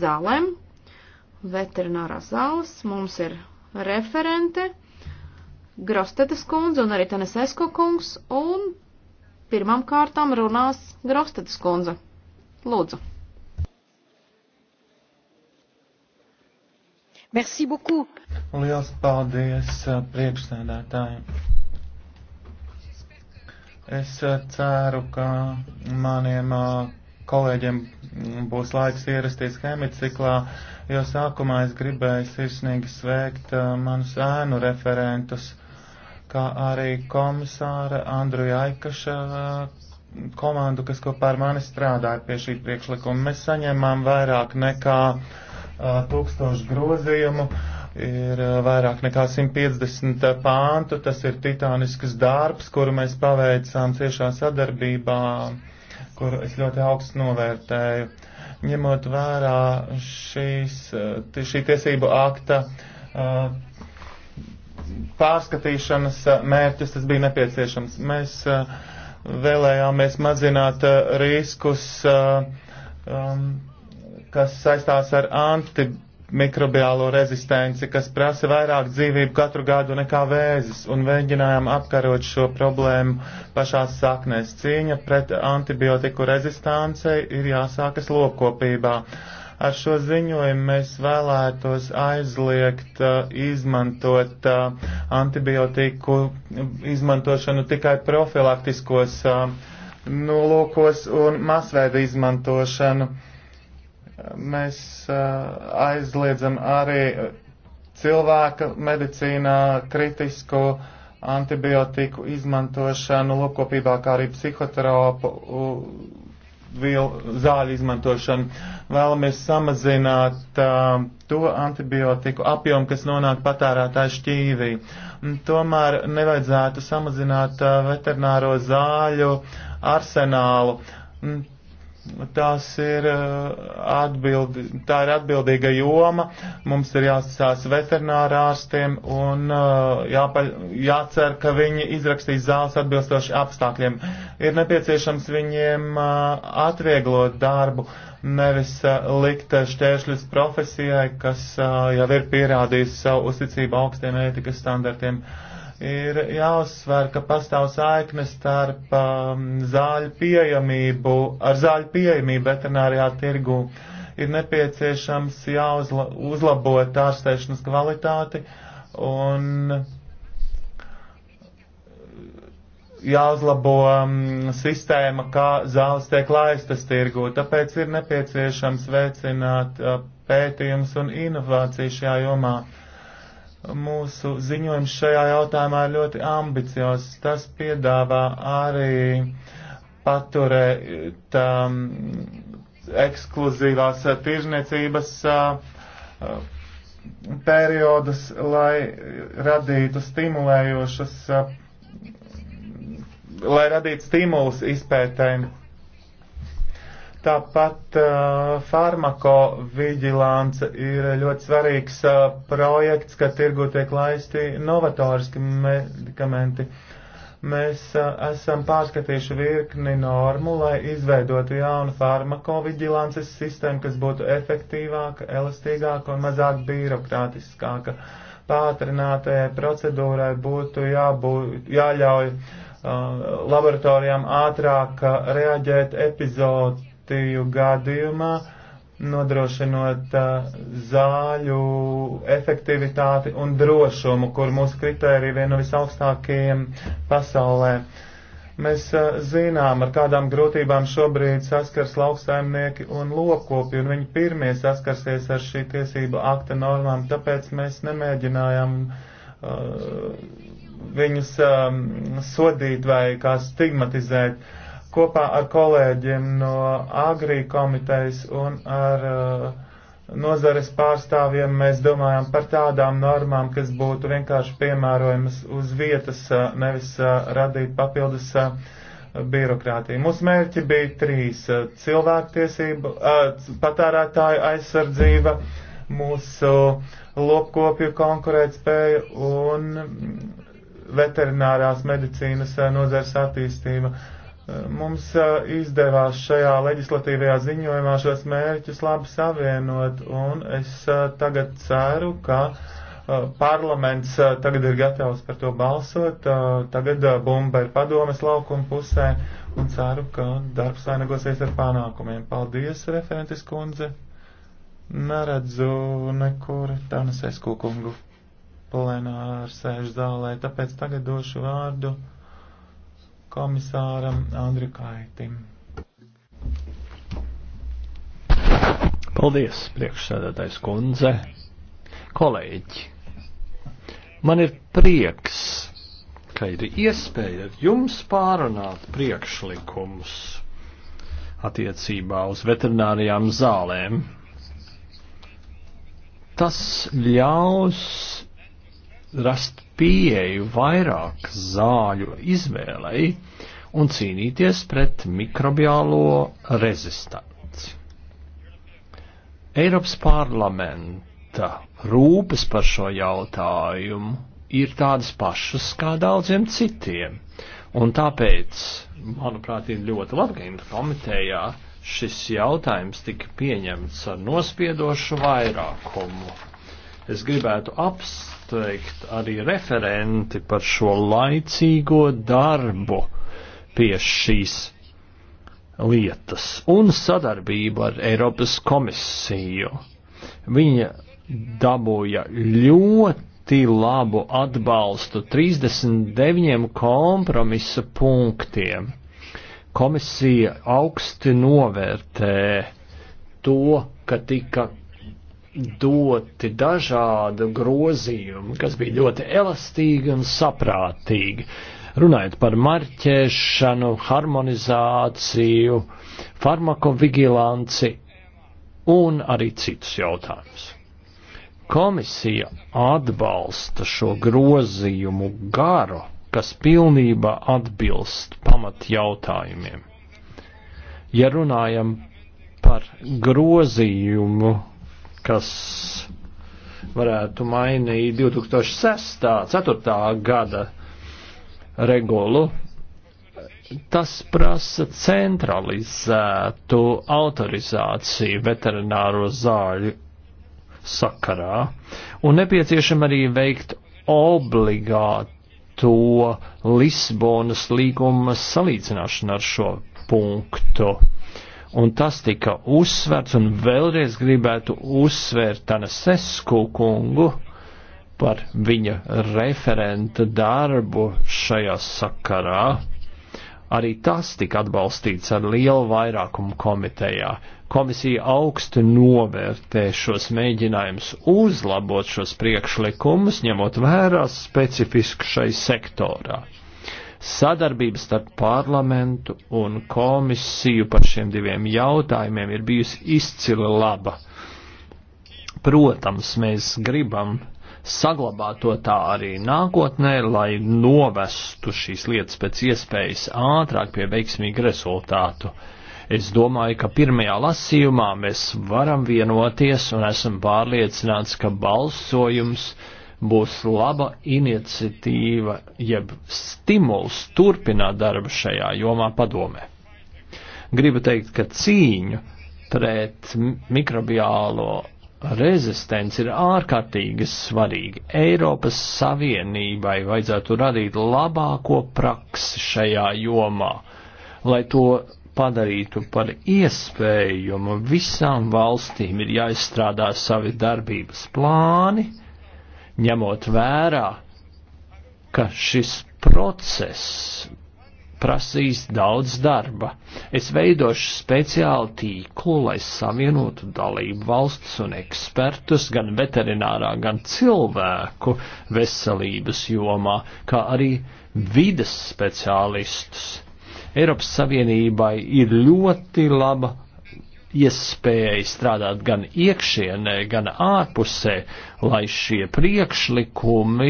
zālēm. Veterinārās zāles mums ir referente Grostetes kundze un arī Tenesesko kungs, un pirmam kārtām runās Grostetes kundze. Lūdzu. Merci beaucoup. Liels paldies uh, priekšsēdētājiem. Es uh, ceru, ka maniem uh, kolēģiem būs laiks ierasties hemiciklā, jo sākumā es gribēju sirsnīgi sveikt uh, manus ēnu referentus, kā arī komisāra Andruja Aikaša uh, komandu, kas kopā ar mani strādāja pie šī priekšlikuma. Mēs saņemam vairāk nekā uh, tūkstošu grozījumu, ir vairāk nekā 150 pāntu, tas ir titānisks darbs, kuru mēs paveicām ciešā sadarbībā kuru es ļoti augstu novērtēju. Ņemot vērā šīs, šī tiesību akta pārskatīšanas mērķis, tas bija nepieciešams. Mēs vēlējāmies mazināt riskus, um, kas saistās ar antibiotiku mikrobiālo rezistenci, kas prasa vairāk dzīvību katru gadu nekā vēzis, un mēģinājām apkarot šo problēmu pašās saknēs. Cīņa pret antibiotiku rezistancei ir jāsākas lopkopībā. Ar šo ziņojumu mēs vēlētos aizliegt uh, izmantot uh, antibiotiku izmantošanu tikai profilaktiskos uh, nolūkos un masveida izmantošanu. Uh, mēs uh, aizliedzam arī cilvēka medicīnā kritisko antibiotiku izmantošanu, lopkopībā, kā arī psihoterapu vielu zāļu izmantošanu. Vēlamies samazināt uh, to antibiotiku apjomu, kas nonāk patērētāju šķīvī. Tomēr nevajadzētu samazināt uh, veterināro zāļu arsenālu. Tās ir uh, atbildi, tā ir atbildīga joma. Mums ir jāsasās veterinārārstiem un uh, jāpa, jācer, ka viņi izrakstīs zāles atbilstoši apstākļiem. Ir nepieciešams viņiem uh, atvieglot darbu, nevis likt šķēršļus profesijai, kas jau ir pierādījusi savu uzticību augstiem ētikas standartiem. Uh, ir jāuzsver, ka pastāv saikne starp um, zāļu pieejamību, ar zāļu pieejamību veterinārijā tirgu. Ir nepieciešams jāuzlabot ārstēšanas kvalitāti un jāuzlabo um, sistēma, kā zāles tiek laistas tirgu. Tāpēc ir nepieciešams veicināt uh, pētījums un inovāciju šajā jomā. Uh, Mūsu ziņojums šajā jautājumā ir ļoti ambiciozs. Tas piedāvā arī paturēt um, ekskluzīvās tirzniecības uh, periodus, lai radītu stimulējošas, uh, lai radītu stimulus izpētēm Tāpat uh, farmakovigilance ir ļoti svarīgs uh, projekts, ka tirgu tiek laisti novatoriski medikamenti. Mēs uh, esam pārskatījuši virkni normu, lai izveidotu jaunu farmakovigilances sistēmu, kas būtu efektīvāka, elastīgāka un mazāk birokrātiskāka. Pātrinātajai procedūrai būtu jābūt, jāļauj uh, laboratorijām ātrāk uh, reaģēt epizodu infekciju gadījumā, nodrošinot zāļu efektivitāti un drošumu, kur mūsu kritērija viena no visaugstākajiem pasaulē. Mēs zinām, ar kādām grūtībām šobrīd saskars lauksaimnieki un lokopi, un viņi pirmie saskarsies ar šī tiesība akta normām, tāpēc mēs nemēģinājām uh, viņus um, sodīt vai kā stigmatizēt. Kopā ar kolēģiem no Agri komitejas un ar uh, nozares pārstāvjiem mēs domājam par tādām normām, kas būtu vienkārši piemērojamas uz vietas, uh, nevis uh, radīt papildus uh, birokrātiju. Mūsu mērķi bija trīs - uh, cilvēktiesību, uh, patērētāju aizsardzība, mūsu lopkopju konkurētspēja un mm, veterinārās medicīnas uh, nozars attīstība. Mums izdevās šajā leģislatīvajā ziņojumā šos mērķus labi savienot, un es tagad ceru, ka parlaments tagad ir gatavs par to balsot, tagad bumba ir padomes laukuma pusē, un ceru, ka darbs vainagosies ar panākumiem. Paldies, referentis kundze! Neredzu nekur Tanas Eskukungu plenāru sēžu zālē, tāpēc tagad došu vārdu komisāram Andrikaitim. Paldies, priekšsēdētājs kundze. Kolēģi, man ir prieks, ka ir iespēja ar jums pārunāt priekšlikumus attiecībā uz veterinārijām zālēm. Tas ļaus rast pieeju vairāk zāļu izvēlei un cīnīties pret mikrobiālo rezistanci. Eiropas parlamenta rūpes par šo jautājumu ir tādas pašas kā daudziem citiem, un tāpēc, manuprāt, ir ļoti labi, ka Inta komitejā šis jautājums tika pieņemts ar nospiedošu vairākumu. Es gribētu apstiprināt apsveikt arī referenti par šo laicīgo darbu pie šīs lietas un sadarbību ar Eiropas komisiju. Viņa dabūja ļoti labu atbalstu 39 kompromisa punktiem. Komisija augsti novērtē to, ka tika doti dažādu grozījumu, kas bija ļoti elastīgi un saprātīgi. Runājot par marķēšanu, harmonizāciju, farmakovigilanci un arī citus jautājumus. Komisija atbalsta šo grozījumu garu, kas pilnībā atbilst pamat jautājumiem. Ja runājam par grozījumu kas varētu mainīt 2006. 4. gada regulu. Tas prasa centralizētu autorizāciju veterināro zāļu sakarā un nepieciešam arī veikt obligāto Lisbonas līguma salīdzināšanu ar šo punktu un tas tika uzsverts, un vēlreiz gribētu uzsvērt Tanasesku kungu par viņa referenta darbu šajā sakarā. Arī tas tika atbalstīts ar lielu vairākumu komitejā. Komisija augstu novērtē šos mēģinājumus uzlabot šos priekšlikumus, ņemot vērā specifisku šai sektorā. Sadarbības starp parlamentu un komisiju par šiem diviem jautājumiem ir bijusi izcili laba. Protams, mēs gribam saglabāt to tā arī nākotnē, lai novestu šīs lietas pēc iespējas ātrāk pie veiksmīgu rezultātu. Es domāju, ka pirmajā lasījumā mēs varam vienoties un esam pārliecināts, ka balsojums uh, būs laba iniciatīva, jeb stimuls turpināt darbu šajā jomā padomē. Gribu teikt, ka cīņu pret mikrobiālo rezistence ir ārkārtīgi svarīga. Eiropas Savienībai vajadzētu radīt labāko praksi šajā jomā, lai to padarītu par iespējumu. Visām valstīm ir jāizstrādā savi darbības plāni, ņemot vērā, ka šis process prasīs daudz darba. Es veidošu speciālu tīklu, lai savienotu dalību valsts un ekspertus gan veterinārā, gan cilvēku veselības jomā, kā arī vides speciālistus. Eiropas Savienībai ir ļoti laba iespējai strādāt gan iekšienē, gan ārpusē, lai šie priekšlikumi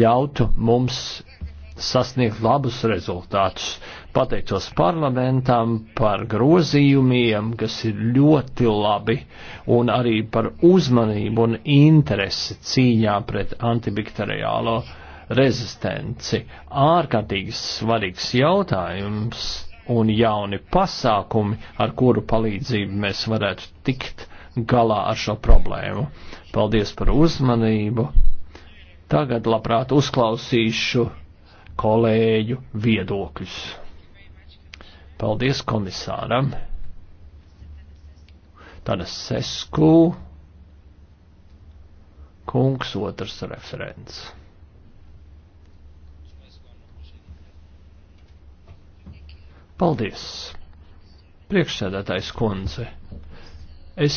ļautu mums sasniegt labus rezultātus. Pateicos parlamentam par grozījumiem, kas ir ļoti labi, un arī par uzmanību un interesi cīņā pret antibakteriālo rezistenci. Ārkārtīgi svarīgs jautājums un jauni pasākumi, ar kuru palīdzību mēs varētu tikt galā ar šo problēmu. Paldies par uzmanību. Tagad labprāt uzklausīšu kolēģu viedokļus. Paldies komisāram. Tāda sesku kungs otrs referents. Paldies! Priekšsēdētājs kundze, es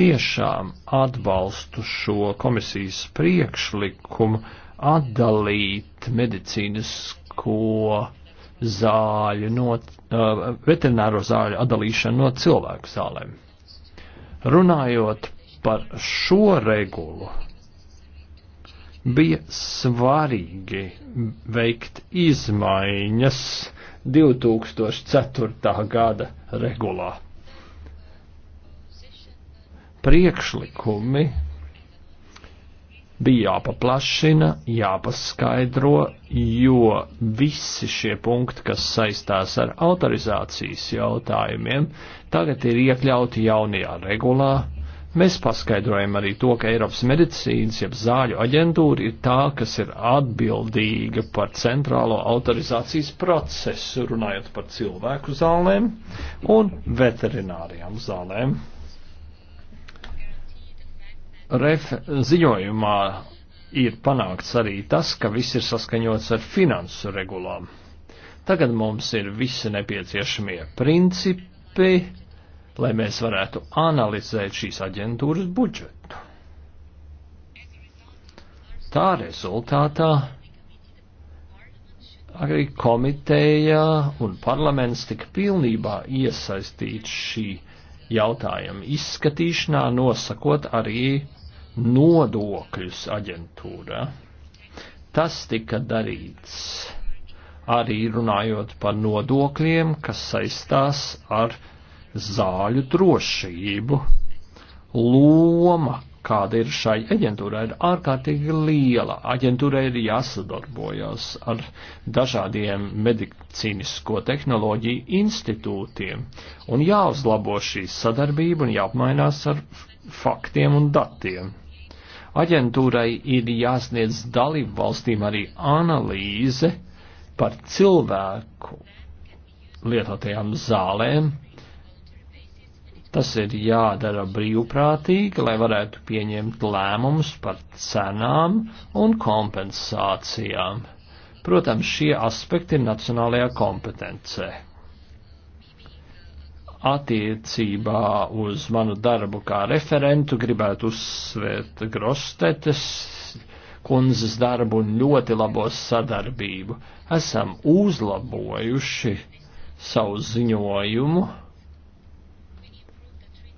tiešām atbalstu šo komisijas priekšlikumu atdalīt medicīnisko zāļu no, uh, veterināro zāļu atdalīšanu no cilvēku zālēm. Runājot par šo regulu, bija svarīgi veikt izmaiņas 2004. gada regulā. Priekšlikumi bija jāpaplašina, jāpaskaidro, jo visi šie punkti, kas saistās ar autorizācijas jautājumiem, tagad ir iekļauti jaunajā regulā, Mēs paskaidrojam arī to, ka Eiropas medicīnas, jeb zāļu aģentūra ir tā, kas ir atbildīga par centrālo autorizācijas procesu, runājot par cilvēku zālēm un veterinārijām zālēm. Ref ziņojumā ir panākts arī tas, ka viss ir saskaņots ar finansu regulām. Tagad mums ir visi nepieciešamie principi, lai mēs varētu analizēt šīs aģentūras budžetu. Tā rezultātā arī komiteja un parlaments tika pilnībā iesaistīts šī jautājuma izskatīšanā, nosakot arī nodokļus aģentūra. Tas tika darīts arī runājot par nodokļiem, kas saistās ar zāļu drošību. Loma, kāda ir šai aģentūrai, ir ārkārtīgi liela. Aģentūrai ir jāsadarbojas ar dažādiem medicīnisko tehnoloģiju institūtiem un jāuzlabo šī sadarbība un jāapmainās ar faktiem un datiem. Aģentūrai ir jāsniedz dalību valstīm arī analīze par cilvēku lietotajām zālēm Tas ir jādara brīvprātīgi, lai varētu pieņemt lēmumus par cenām un kompensācijām. Protams, šie aspekti ir nacionālajā kompetencē. Attiecībā uz manu darbu kā referentu gribētu uzsvērt Grostetes kundzes darbu un ļoti labos sadarbību. Esam uzlabojuši savu ziņojumu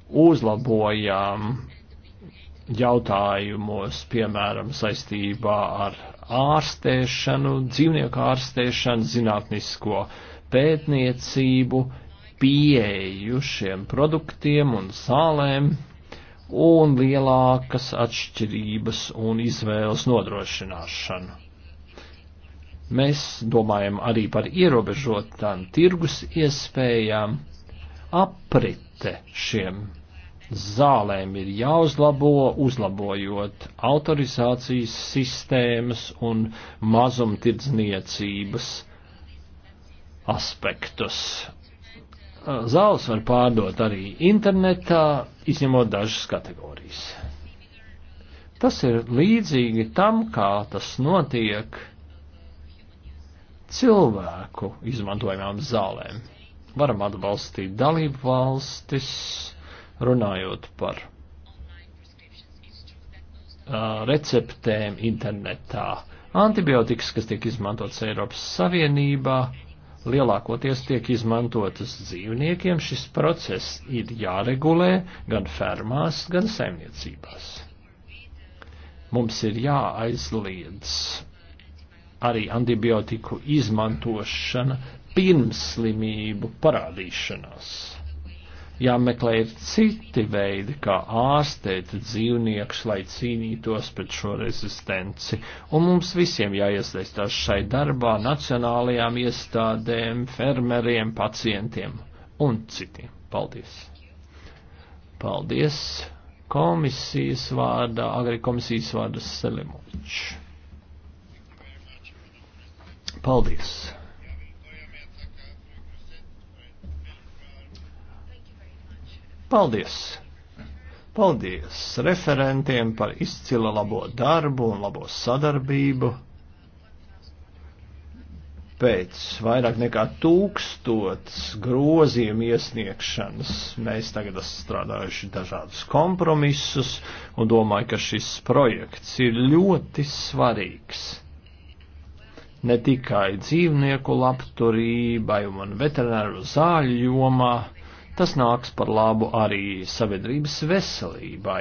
uzlabojām jautājumos, piemēram, saistībā ar ārstēšanu, dzīvnieku ārstēšanu, zinātnisko pētniecību, pieeju šiem produktiem un sālēm un lielākas atšķirības un izvēles nodrošināšanu. Mēs domājam arī par ierobežotām tirgus iespējām aprite šiem zālēm ir jāuzlabo, uzlabojot autorizācijas sistēmas un mazumtirdzniecības aspektus. Zāles var pārdot arī internetā, izņemot dažas kategorijas. Tas ir līdzīgi tam, kā tas notiek cilvēku izmantojamām zālēm. Varam atbalstīt dalību valstis, Runājot par receptēm internetā. Antibiotikas, kas tiek izmantotas Eiropas Savienībā, lielākoties tiek izmantotas dzīvniekiem. Šis process ir jāregulē gan fermās, gan saimniecībās. Mums ir jāaizliedz arī antibiotiku izmantošana pirms slimību parādīšanās jāmeklē ir citi veidi, kā ārstēt dzīvniekus, lai cīnītos pret šo rezistenci. Un mums visiem jāiesaistās šai darbā nacionālajām iestādēm, fermeriem, pacientiem un citiem. Paldies! Paldies! Komisijas vārdā, agrikomisijas vārdā Selimovičs. Paldies! Paldies! Paldies referentiem par izcila labo darbu un labo sadarbību. Pēc vairāk nekā tūkstots grozījumu iesniegšanas mēs tagad esam strādājuši dažādus kompromisus un domāju, ka šis projekts ir ļoti svarīgs ne tikai dzīvnieku labturībai un veterināru zāļu jomā, Tas nāks par labu arī sabiedrības veselībai.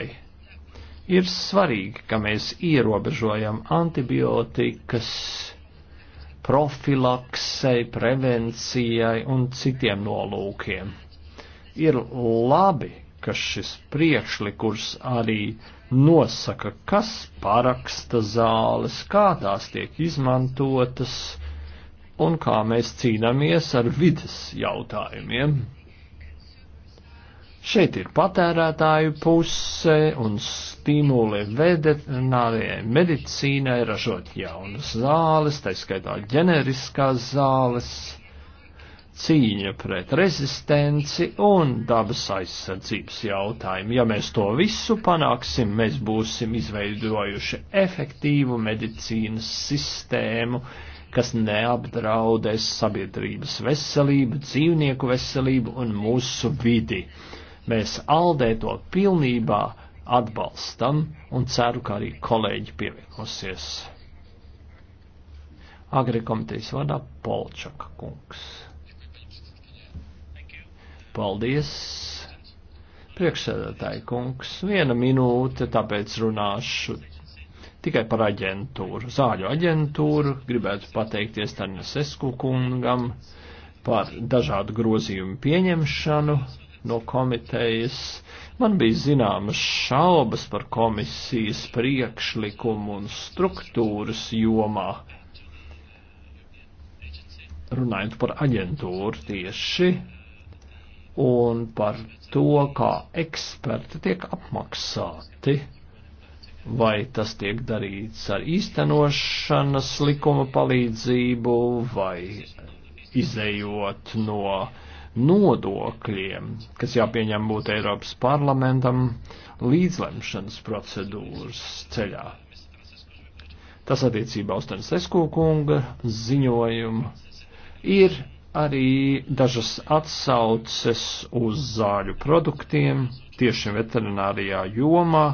Ir svarīgi, ka mēs ierobežojam antibiotikas profilaksei, prevencijai un citiem nolūkiem. Ir labi, ka šis priekšlikurs arī nosaka, kas paraksta zāles, kā tās tiek izmantotas un kā mēs cīnāmies ar vidas jautājumiem. Šeit ir patērētāju puse un stimuli veterinārijai medicīnai ražot jaunas zāles, tā skaitā ģeneriskās zāles, cīņa pret rezistenci un dabas aizsardzības jautājumu. Ja mēs to visu panāksim, mēs būsim izveidojuši efektīvu medicīnas sistēmu, kas neapdraudēs sabiedrības veselību, dzīvnieku veselību un mūsu vidi. Mēs Aldē to pilnībā atbalstam un ceru, ka arī kolēģi pievienosies. Agri komitejas vadā Polčaka kungs. Paldies, priekšsēdētāji kungs. Viena minūte, tāpēc runāšu tikai par aģentūru. Zāļu aģentūru gribētu pateikties Tarnesesku kungam par dažādu grozījumu pieņemšanu no komitejas. Man bija zināmas šaubas par komisijas priekšlikumu un struktūras jomā. Runājot par aģentūru tieši un par to, kā eksperti tiek apmaksāti vai tas tiek darīts ar īstenošanas likuma palīdzību, vai izējot no nodokļiem, kas jāpieņem būtu Eiropas parlamentam līdzlemšanas procedūras ceļā. Tas attiecībā uz Tansesku kunga ziņojumu ir arī dažas atsauces uz zāļu produktiem tieši veterinārijā jomā,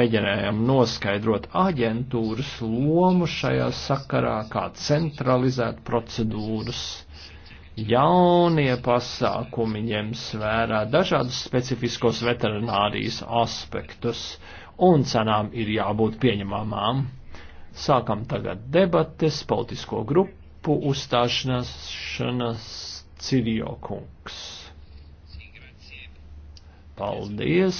mēģinājām noskaidrot aģentūras lomu šajā sakarā, kā centralizēt procedūras jaunie pasākumi ņems vērā dažādus specifiskos veterinārijas aspektus, un cenām ir jābūt pieņemamām. Sākam tagad debates, politisko grupu uzstāšanas Cirjokungs. Paldies!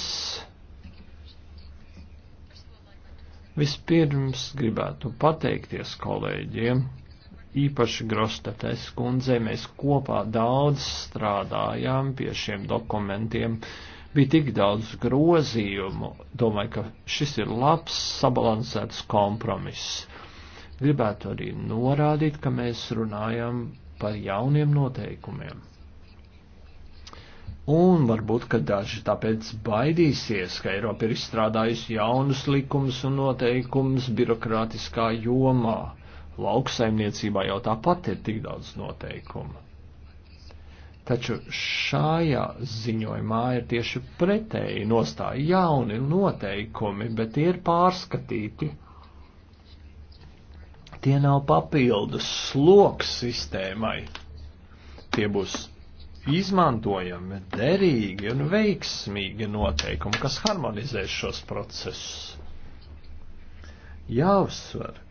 Vispirms gribētu pateikties kolēģiem īpaši Grostates kundzei, mēs kopā daudz strādājām pie šiem dokumentiem. Bija tik daudz grozījumu, domāju, ka šis ir labs, sabalansēts kompromiss. Gribētu arī norādīt, ka mēs runājam par jauniem noteikumiem. Un varbūt, ka daži tāpēc baidīsies, ka Eiropa ir izstrādājusi jaunus likumus un noteikumus birokrātiskā jomā Lauksaimniecībā jau tāpat ir tik daudz noteikumu. Taču šajā ziņojumā ir tieši pretēji nostāja jauni noteikumi, bet tie ir pārskatīti. Tie nav papildus sloks sistēmai. Tie būs izmantojami, derīgi un veiksmīgi noteikumi, kas harmonizēs šos procesus. Jāuzsver,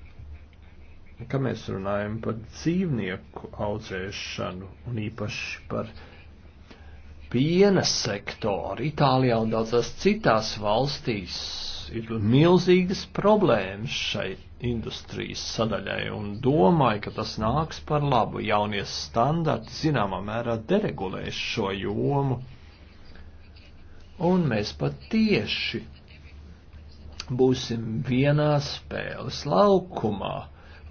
ka mēs runājam par dzīvnieku audzēšanu un īpaši par piena sektoru. Itālijā un daudzās citās valstīs ir milzīgas problēmas šai industrijas sadaļai un domāju, ka tas nāks par labu. Jaunie standarti zināmā mērā deregulēs šo jomu. Un mēs pat tieši būsim vienā spēles laukumā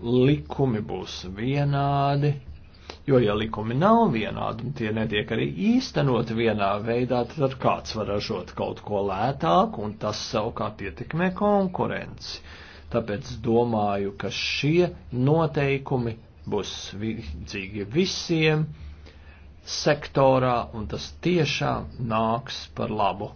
likumi būs vienādi, jo ja likumi nav vienādi un tie netiek arī īstenot vienā veidā, tad kāds var ražot kaut ko lētāk un tas savukārt ietekmē konkurenci. Tāpēc domāju, ka šie noteikumi būs līdzīgi visiem sektorā un tas tiešām nāks par labu.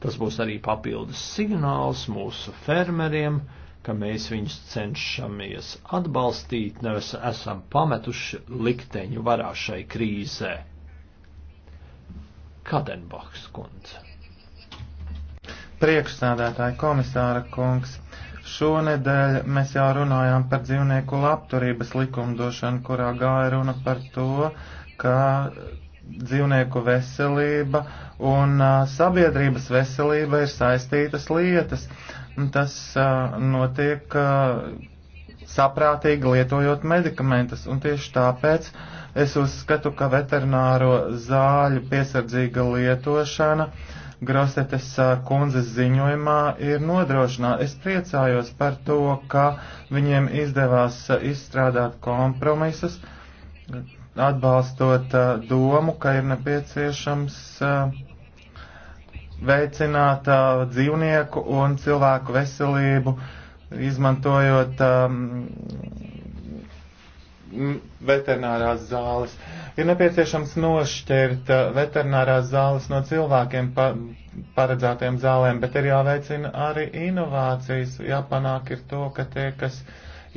Tas būs arī papildus signāls mūsu fermeriem, ka mēs viņus cenšamies atbalstīt, nevis esam pametuši likteņu varā šai krīzē. Kadenbachs kundze. Priekšsādātāji komisāra kungs, šonedēļ mēs jau runājām par dzīvnieku labturības likumdošanu, kurā gāja runa par to, ka dzīvnieku veselība un uh, sabiedrības veselība ir saistītas lietas. Uh, Tas uh, notiek uh, saprātīgi lietojot medikamentus, un tieši tāpēc es uzskatu, ka veterināro zāļu piesardzīga lietošana Grosetes kundzes ziņojumā ir nodrošināta. Es priecājos par to, ka viņiem izdevās izstrādāt kompromisus, atbalstot domu, ka ir nepieciešams uh, veicināt uh, dzīvnieku un cilvēku veselību, izmantojot um, veterinārās zāles. Ir nepieciešams nošķirt uh, veterinārās zāles no cilvēkiem pa, paredzētiem zālēm, bet ir jāveicina arī inovācijas. Jāpanāk ir to, ka tie, kas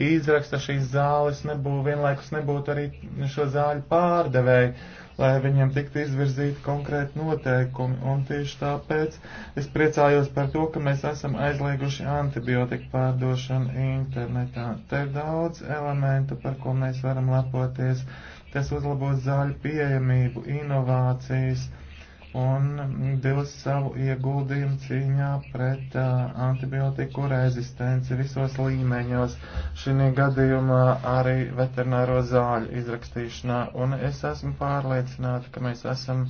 izraksta šīs zāles, nebūtu vienlaikus nebūtu arī šo zāļu pārdevēji lai viņiem tiktu izvirzīti konkrēti noteikumi. Un tieši tāpēc es priecājos par to, ka mēs esam aizlieguši antibiotiku pārdošanu internetā. Te ir daudz elementu, par ko mēs varam lepoties. Tas uzlabos zāļu pieejamību, inovācijas un dos savu ieguldījumu cīņā pret uh, antibiotiku rezistenci visos līmeņos, šī gadījumā arī veterināro zāļu izrakstīšanā, un es esmu pārliecināta, ka mēs esam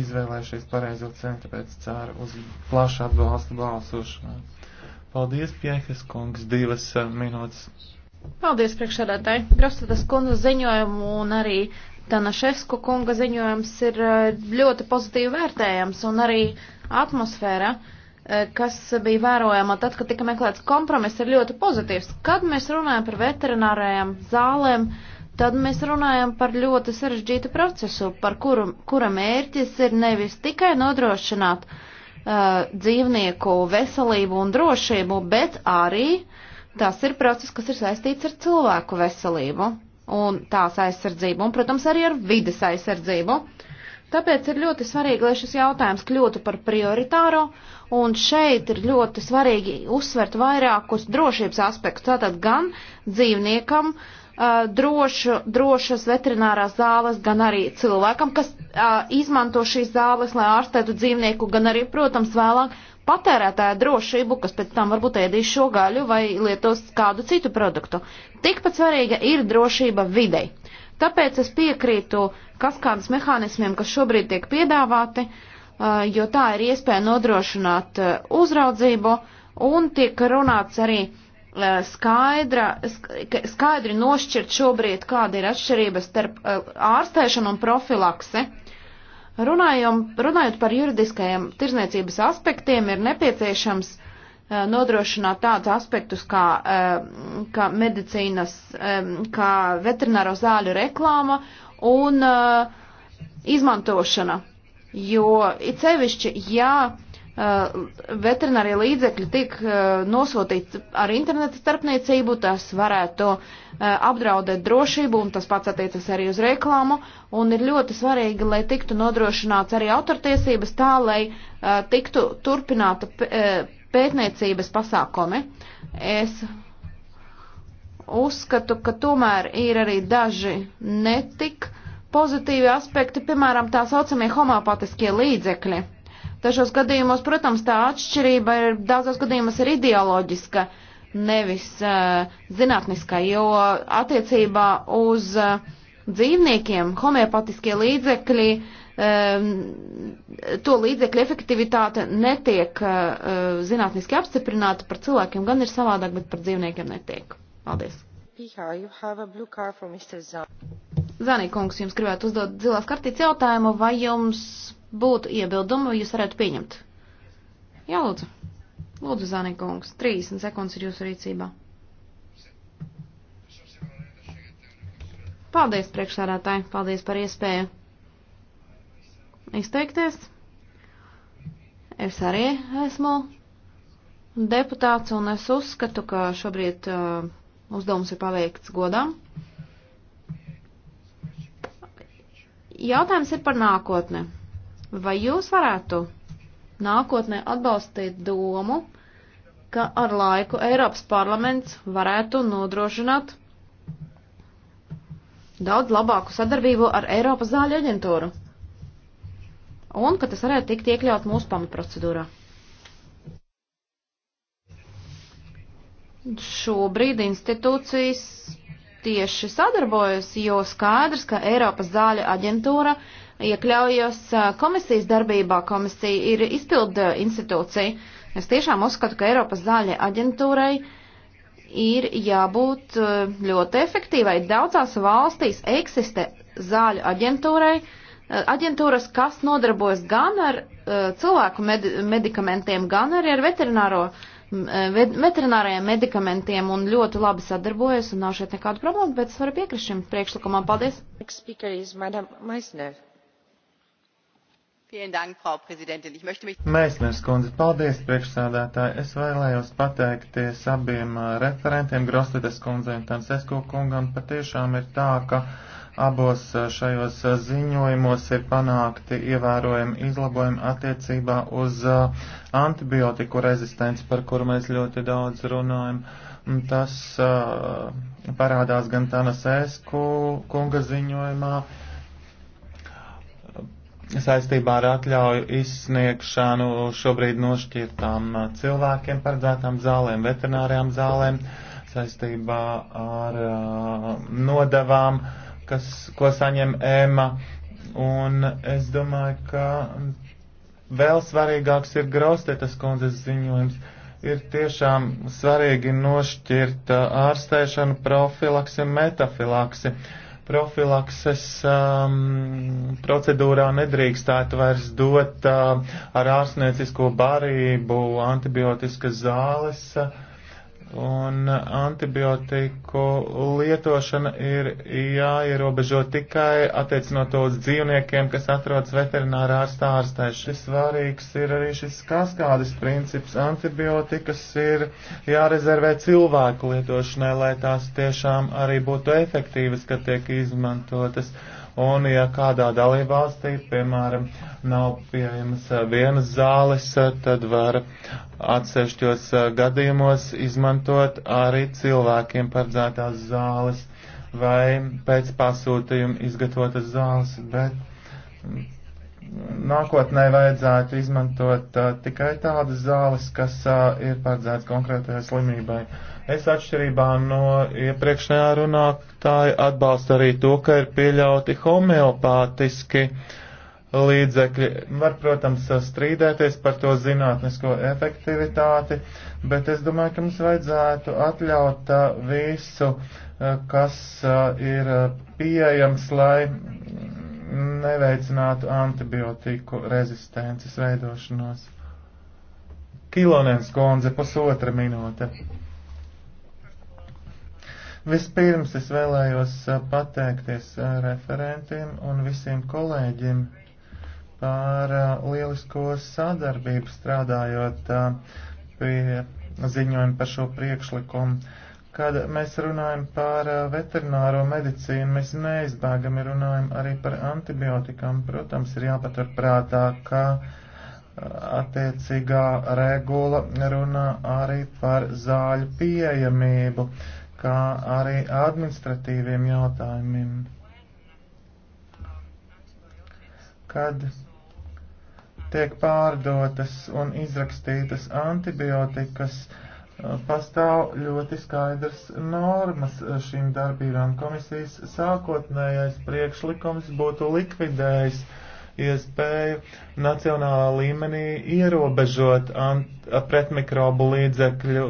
izvēlējušies pareizo centru pēc cēru uz plašu atbalstu balsošanā. Paldies, Piehes kungs, divas uh, minūtes. Paldies, priekšsēdētāji. Grastatas kundzes ziņojumu un arī Tanaševsku kunga ziņojums ir eh, ļoti pozitīvi vērtējams un arī atmosfēra, eh, kas bija vērojama tad, kad tika meklēts kompromiss, ir ļoti pozitīvs. Kad mēs runājam par veterinārajām zālēm, tad mēs runājam par ļoti sarežģītu procesu, par kuru, kura mērķis ir nevis tikai nodrošināt uh, dzīvnieku veselību un drošību, bet arī tas ir process, kas ir saistīts ar cilvēku veselību un tās aizsardzību, un, protams, arī ar vides aizsardzību. Tāpēc ir ļoti svarīgi, lai šis jautājums kļūtu par prioritāro, un šeit ir ļoti svarīgi uzsvert vairākus drošības aspektus. Tātad gan dzīvniekam uh, drošu, drošas veterinārās zāles, gan arī cilvēkam, kas uh, izmanto šīs zāles, lai ārstētu dzīvnieku, gan arī, protams, vēlāk patērētāja drošību, kas pēc tam varbūt ēdīs šo gaļu vai lietos kādu citu produktu. Tikpat svarīga ir drošība videi. Tāpēc es piekrītu kaskādas mehānismiem, kas šobrīd tiek piedāvāti, eh, jo tā ir iespēja nodrošināt eh, uzraudzību un tiek runāts arī eh, skaidra, skaidri nošķirt šobrīd, kāda ir atšķirība starp ārstēšanu un profilaksi. Runājom, runājot par juridiskajiem tirzniecības aspektiem, ir nepieciešams uh, nodrošināt tādus aspektus kā, uh, kā medicīnas, um, kā veterināro zāļu reklāma un uh, izmantošana. Jo it sevišķi, ja Eh, veterinārie līdzekļi tiek eh, nosūtīti ar interneta starpniecību, tas varētu eh, apdraudēt drošību, un tas pats attiecas arī uz reklāmu, un ir ļoti svarīgi, lai tiktu nodrošināts arī autortiesības tā, lai tiktu turpināta pētniecības pasākumi. Es uzskatu, ka tomēr ir arī daži netik pozitīvi aspekti, piemēram, tā saucamie homopātiskie līdzekļi Tašos gadījumos, protams, tā atšķirība ir daudzos gadījumos ir ideoloģiska, nevis uh, eh, zinātniskā, jo attiecībā uz uh, dzīvniekiem homeopatiskie līdzekļi, um, to līdzekļu efektivitāte netiek uh, zinātniski apstiprināta, par cilvēkiem gan ir savādāk, bet par dzīvniekiem netiek. Paldies. Zanī kungs, jums gribētu uzdot zilās kartītes jautājumu, vai jums būtu iebildumi, jūs varētu pieņemt? Jā, lūdzu. Lūdzu, Zānīkungs, 30 sekundes ir jūsu rīcībā. Paldies, priekšsādātāji, paldies par iespēju izteikties. Es arī esmu deputāts, un es uzskatu, ka šobrīd uh, uzdevums ir paveikts godam. Jautājums ir par nākotni. Vai jūs varētu nākotnē atbalstīt domu, ka ar laiku Eiropas parlaments varētu nodrošināt daudz labāku sadarbību ar Eiropas zāļu aģentūru? Un ka tas varētu tikt iekļaut mūsu pamatprocedūrā. Šobrīd institūcijas tieši sadarbojas, jo skaidrs, ka Eiropas zāļu aģentūra uh, iekļaujos komisijas darbībā. Komisija ir izpilda institūcija. Es tiešām uzskatu, ka Eiropas zāļa aģentūrai ir jābūt ļoti efektīvai. Daudzās valstīs eksistē zāļu aģentūrai, aģentūras, kas nodarbojas gan ar cilvēku med medikamentiem, gan arī ar veterināro, ved veterinārajiem medikamentiem un ļoti labi sadarbojas un nav šeit nekādu problēmu, bet es varu piekrist šim priekšlikumam. Paldies! Next speaker is Madam Meisner. Mēsners kundze, paldies priekšsādātāji. Es vēlējos pateikties abiem referentiem, Grostedes kundze un Tansesko kungam. Patiešām ir tā, ka abos šajos ziņojumos ir panākti ievērojami izlabojumi attiecībā uz antibiotiku rezistenci, par kuru mēs ļoti daudz runājam. Tas parādās gan Tanasesku kunga ziņojumā saistībā ar atļauju izsniegšanu šobrīd nošķirtām uh, cilvēkiem paredzētām zālēm, veterinārijām zālēm, saistībā ar uh, nodavām, kas, ko saņem ēma. Un es domāju, ka vēl svarīgāks ir Graustetas kundzes ziņojums. Ir tiešām svarīgi nošķirt uh, ārstēšanu, profilaksi un metafilaksi. Uh, profilakses um, procedūrā nedrīkstētu vairs dot uh, ar ārstniecisko barību antibiotiskas zāles. Uh, un antibiotiku lietošana ir jāierobežo tikai attiecinot to uz dzīvniekiem, kas atrodas veterinārā ārstā ārstēšanā. Svarīgs ir arī šis kaskādes princips. Antibiotikas ir jārezervē cilvēku lietošanai, lai tās tiešām arī būtu efektīvas, kad tiek izmantotas. Uh, Un, ja kādā dalībvalstī, piemēram, nav pieejamas eh, vienas zāles, eh, tad var atsevišķos eh, gadījumos izmantot arī cilvēkiem paredzētās zāles vai pēc pasūtījuma izgatavotas zāles, bet nākotnē vajadzētu izmantot uh, tikai tādas zāles, kas uh, ir paredzētas konkrētajai slimībai. Uh, Es atšķirībā no iepriekšnējā runātāja atbalstu arī to, ka ir pieļauti homeopātiski līdzekļi. Var, protams, strīdēties par to zinātnisko efektivitāti, bet es domāju, ka mums vajadzētu atļaut uh, visu, uh, kas uh, ir pieejams, lai neveicinātu antibiotiku rezistences veidošanos. Kilonēns kundze, pusotra minūte. Vispirms es vēlējos pateikties referentiem un visiem kolēģiem par lielisko sadarbību strādājot pie ziņojuma par šo priekšlikumu. Kad mēs runājam par veterināro medicīnu, mēs neizbēgami runājam arī par antibiotikām. Protams, ir jāpatur prātā, ka attiecīgā regula runā arī par zāļu pieejamību kā arī administratīviem jautājumiem. Kad tiek pārdotas un izrakstītas antibiotikas, pastāv ļoti skaidrs normas šīm darbībām. Komisijas sākotnējais priekšlikums būtu likvidējis iespēju nacionālā līmenī ierobežot pretmikrobu līdzekļu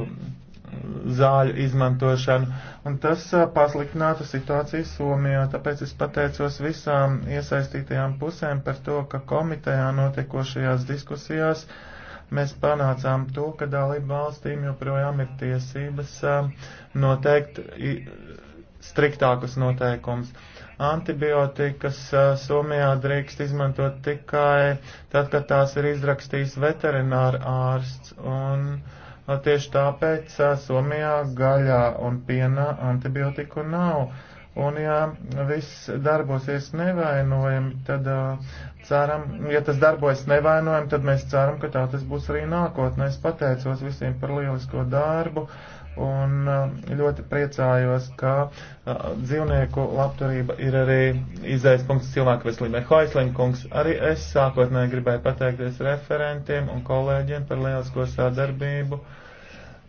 zāļu izmantošanu, un tas pasliktinātu situāciju Somijā. Tāpēc es pateicos visām iesaistītajām pusēm par to, ka komitejā notiekošajās diskusijās mēs panācām to, ka dalību valstīm joprojām ir tiesības noteikt striktākus noteikumus. Antibiotikas Somijā drīkst izmantot tikai tad, kad tās ir izrakstījis veterināra ārsts. Un, uh, Nu, tieši tāpēc Somijā gaļā un pienā antibiotiku nav. Un ja viss darbosies nevainojami, tad uh, ceram, ja tas darbojas nevainojami, tad mēs ceram, ka tā tas būs arī nākotnē. Es pateicos visiem par lielisko darbu un eh, ļoti priecājos, ka eh, dzīvnieku labturība ir arī izējas punkts cilvēku veselībai. Hoislinkungs, arī es sākotnēji gribēju pateikties referentiem un kolēģiem par lielisko sadarbību.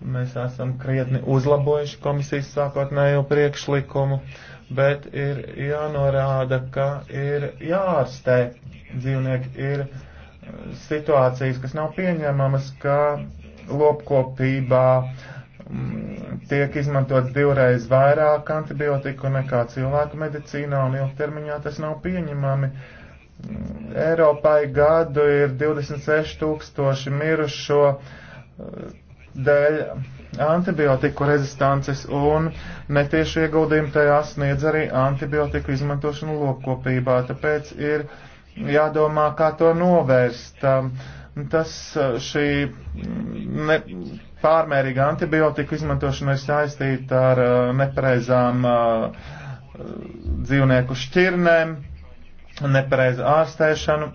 Mēs esam krietni uzlabojuši komisijas sākotnējo priekšlikumu, bet ir jānorāda, ka ir jārastē dzīvnieki, ir eh, situācijas, kas nav pieņemamas, ka lopkopībā uh, Mm, tiek izmantots divreiz vairāk antibiotiku nekā cilvēku medicīnā, un ilgtermiņā tas nav pieņemami. Mm, Eiropai gadu ir 26 tūkstoši mirušo eh, dēļ antibiotiku rezistances, un netieši ieguldījumi tajā sniedz arī antibiotiku izmantošanu lopkopībā, tāpēc ir jādomā, kā to novērst. Mm, tas eh, šī ne, pārmērīga antibiotika izmantošana ir saistīta ar uh, nepareizām uh, dzīvnieku šķirnēm, nepareizu ārstēšanu.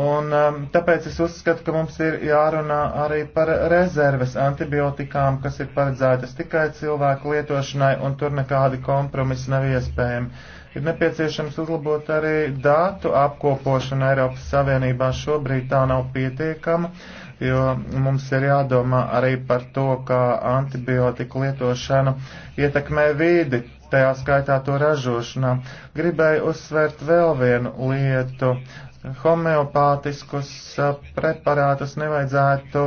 Un um, tāpēc es uzskatu, ka mums ir jārunā arī par rezerves antibiotikām, kas ir paredzētas tikai cilvēku lietošanai, un tur nekādi kompromisi nav iespējami. Ir nepieciešams uzlabot arī datu apkopošanu Eiropas Savienībā. Šobrīd tā nav pietiekama. Uh, jo mums ir jādomā arī par to, kā antibiotiku lietošana ietekmē vīdi, tajā skaitā to ražošanā. Gribēju uzsvērt vēl vienu lietu. Homeopātiskus uh, preparātus nevajadzētu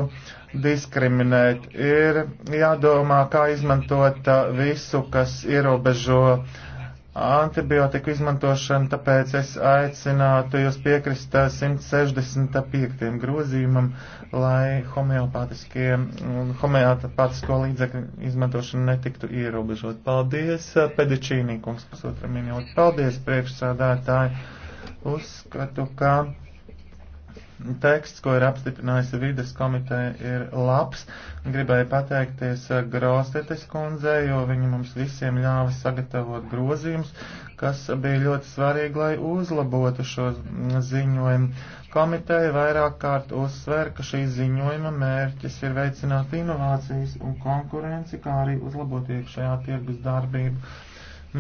diskriminēt. Ir jādomā, kā izmantot uh, visu, kas ierobežo uh, antibiotiku izmantošanu, tāpēc es aicinātu jūs piekrist 165. Uh, grozījumam, lai homeopātisko līdzekļu izmantošanu netiktu ierobežot. Paldies, uh, Pedičīnī kungs, pusotra minūte. Paldies, priekšsādātāji. Uzskatu, ka teksts, ko ir apstiprinājusi vides komiteja, ir labs. Gribēju pateikties eh, Grostetes kundzei, jo viņa mums visiem ļāva sagatavot grozījumus, kas bija ļoti svarīgi, lai uzlabotu šo ziņojumu. Komiteja vairāk kārt uzsver, ka šī ziņojuma mērķis ir veicināt inovācijas un konkurenci, kā arī uzlabot iekšējā tirgus darbību.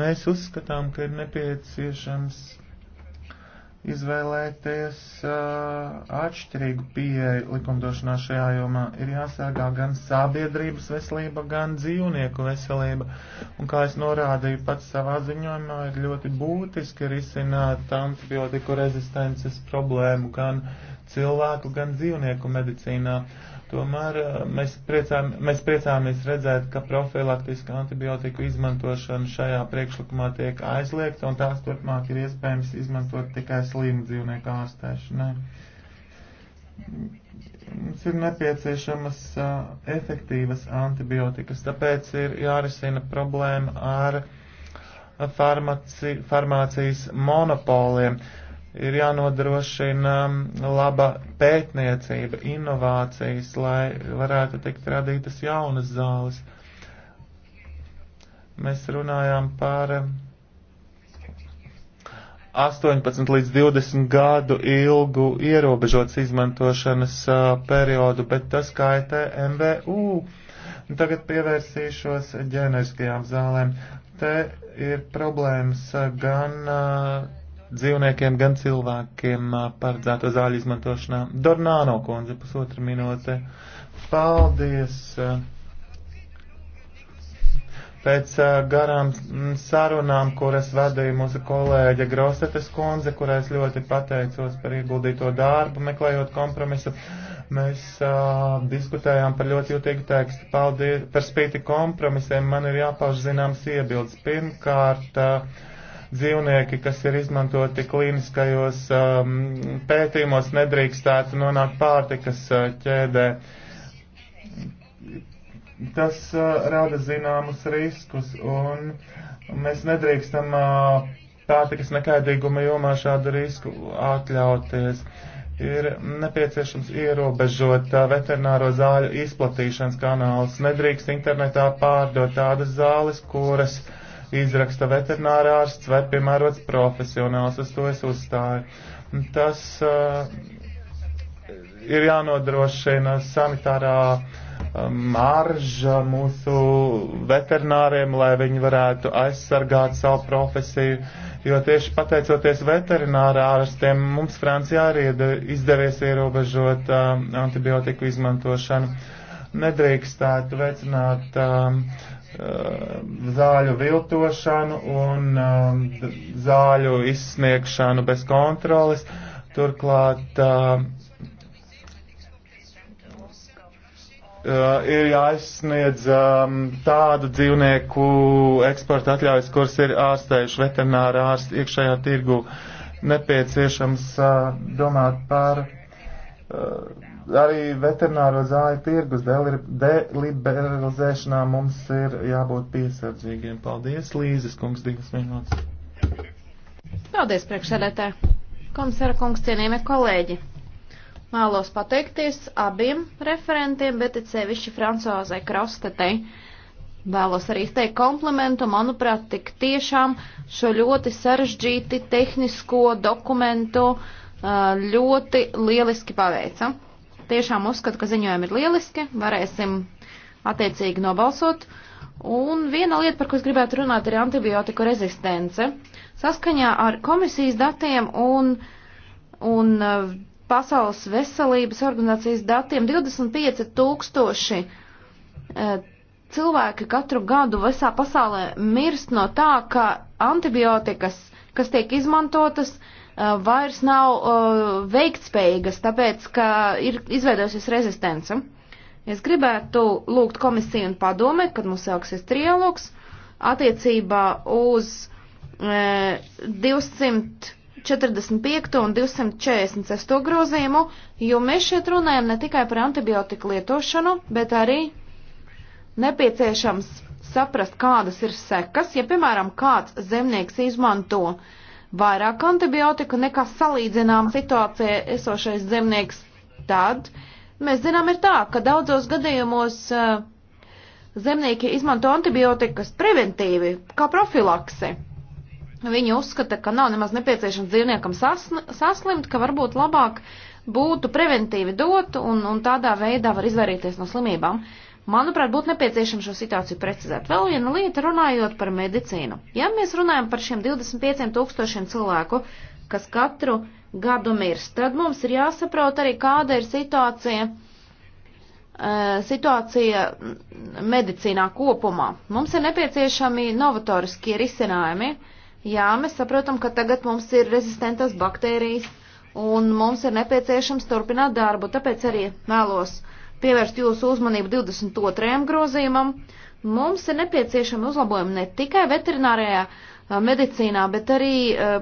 Mēs uzskatām, ka ir nepieciešams izvēlēties uh, atšķirīgu pieeju likumdošanā šajā jomā. Ir jāsargā gan sabiedrības veselība, gan dzīvnieku veselība. Un kā es norādīju pats savā ziņojumā, ir ļoti būtiski risināt antibiotiku rezistences problēmu gan cilvēku, gan dzīvnieku medicīnā. Uh, Tomēr eh, mēs, priecām, mēs priecāmies redzēt, ka profilaktiska antibiotiku izmantošana šajā priekšlikumā tiek aizliegta un tās turpmāk ir iespējams izmantot tikai slimu dzīvnieku ārstēšanai. Mums ir nepieciešamas uh, efektīvas antibiotikas, tāpēc ir jārisina problēma ar farmaci, farmācijas monopoliem. Uh, ir jānodrošina um, laba pētniecība, inovācijas, lai varētu tikt radītas jaunas zāles. Mēs runājām par 18 um, līdz 20 gadu ilgu ierobežotas izmantošanas uh, periodu, bet tas kaitē MVU. Tagad pievērsīšos ģeneriskajām zālēm. Te ir problēmas uh, gan uh, dzīvniekiem, gan cilvēkiem paredzēto zāļu izmantošanā. Dornāno kundze, pusotra minūte. Paldies! Pēc garām sarunām, kuras vadīja mūsu kolēģe Grosetes kundze, kurai es ļoti pateicos par ieguldīto darbu, meklējot kompromisu, mēs uh, diskutējām par ļoti jūtīgu tekstu. Paldies! Par spīti kompromisiem man ir jāpauž zināms iebildes. Pirmkārt, uh, dzīvnieki, kas ir izmantoti klīniskajos um, pētījumos, nedrīkstētu nonākt pārtikas uh, ķēdē. Tas uh, rada zināmus riskus, un mēs nedrīkstam uh, pārtikas nekaidīguma jomā šādu risku atļauties. Ir nepieciešams ierobežot uh, veterināro zāļu izplatīšanas kanālus. Nedrīkst internetā pārdot tādas zāles, kuras uh, izraksta veterinārārsts vai piemērots profesionāls. Uz to es uzstāju. Tas uh, ir jānodrošina sanitārā uh, marža mūsu veterināriem, lai viņi varētu aizsargāt savu profesiju, jo tieši pateicoties veterinārā ārstiem mums Francijā arī izdevies ierobežot uh, antibiotiku izmantošanu. Nedrīkstētu veicināt uh, Um, zāļu viltošanu un um, zāļu izsniegšanu bez kontroles. Turklāt um, uh, ir jāizsniedz tādu dzīvnieku eksporta atļaujas, kuras ir ārstējuši veterinārā ārsti iekšējā tirgu. Nepieciešams uh, domāt par uh, arī veterināro zāļu tirgus deliberalizēšanā mums ir jābūt piesardzīgiem. Paldies, Līzes kungs, divas minūtes. Paldies, priekšsēdētē. Komisāra kungs, cienījamie kolēģi. Mēlos pateikties abiem referentiem, bet it sevišķi Francozai Krostetei. Vēlos arī izteikt komplimentu, manuprāt, tik tiešām šo ļoti sarežģīti tehnisko dokumentu uh, ļoti lieliski paveicam tiešām uzskatu, ka ziņojumi ir lieliski, varēsim attiecīgi nobalsot. Un viena lieta, par ko es gribētu runāt, ir antibiotiku rezistence. Saskaņā ar komisijas datiem un, un uh, Pasaules veselības organizācijas datiem 25 tūkstoši uh, cilvēki katru gadu visā pasaulē mirst no tā, ka antibiotikas, kas tiek izmantotas, uh, Uh, vairs nav uh, veiktspējīgas, tāpēc, ka ir izveidojusies rezistence. Es gribētu lūgt komisiju un padome, kad mums sāksies trialogs, attiecībā uz 200. Uh, 45. un 246. grozījumu, jo mēs šeit runājam ne tikai par antibiotiku lietošanu, bet arī nepieciešams saprast, kādas ir sekas, ja, piemēram, kāds zemnieks izmanto uh, vairāk antibiotiku nekā salīdzinām situācijā esošais zemnieks. Tad mēs zinām ir tā, ka daudzos gadījumos uh, zemnieki izmanto antibiotikas preventīvi, kā profilaksi. Viņi uzskata, ka nav nemaz nepieciešams dzīvniekam sasn, saslimt, ka varbūt labāk būtu preventīvi dot un, un tādā veidā var izvairīties no slimībām. Uh, Manuprāt, būtu nepieciešama šo situāciju precizēt. Vēl viena lieta runājot par medicīnu. Ja mēs runājam par šiem 25 tūkstošiem cilvēku, kas katru gadu mirst, tad mums ir jāsaprot arī, kāda ir situācija e, situācija medicīnā kopumā. Mums ir nepieciešami novatoriskie risinājumi. Jā, mēs saprotam, ka tagad mums ir rezistentas baktērijas un mums ir nepieciešams turpināt darbu, tāpēc arī vēlos uh, pievērst jūsu uzmanību 22. grozījumam. Mums ir nepieciešami uzlabojumi ne tikai veterinārijā medicīnā, bet arī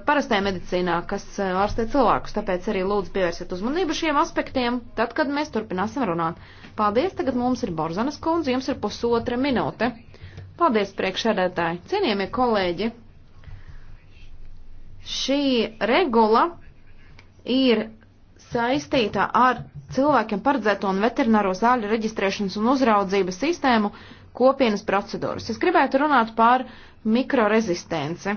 parastajā medicīnā, kas ārstē cilvēkus. Tāpēc arī lūdzu pievērsiet uzmanību šiem aspektiem, tad, kad mēs turpināsim runāt. Paldies, tagad mums ir Borzanas kundze, jums ir pusotra minūte. Paldies, priekšsēdētāji, cienījamie kolēģi. Šī regula ir saistīta ar cilvēkiem paredzēto un veterināro zāļu reģistrēšanas un uzraudzības sistēmu kopienas procedūras. Es gribētu runāt par mikrorezistenci.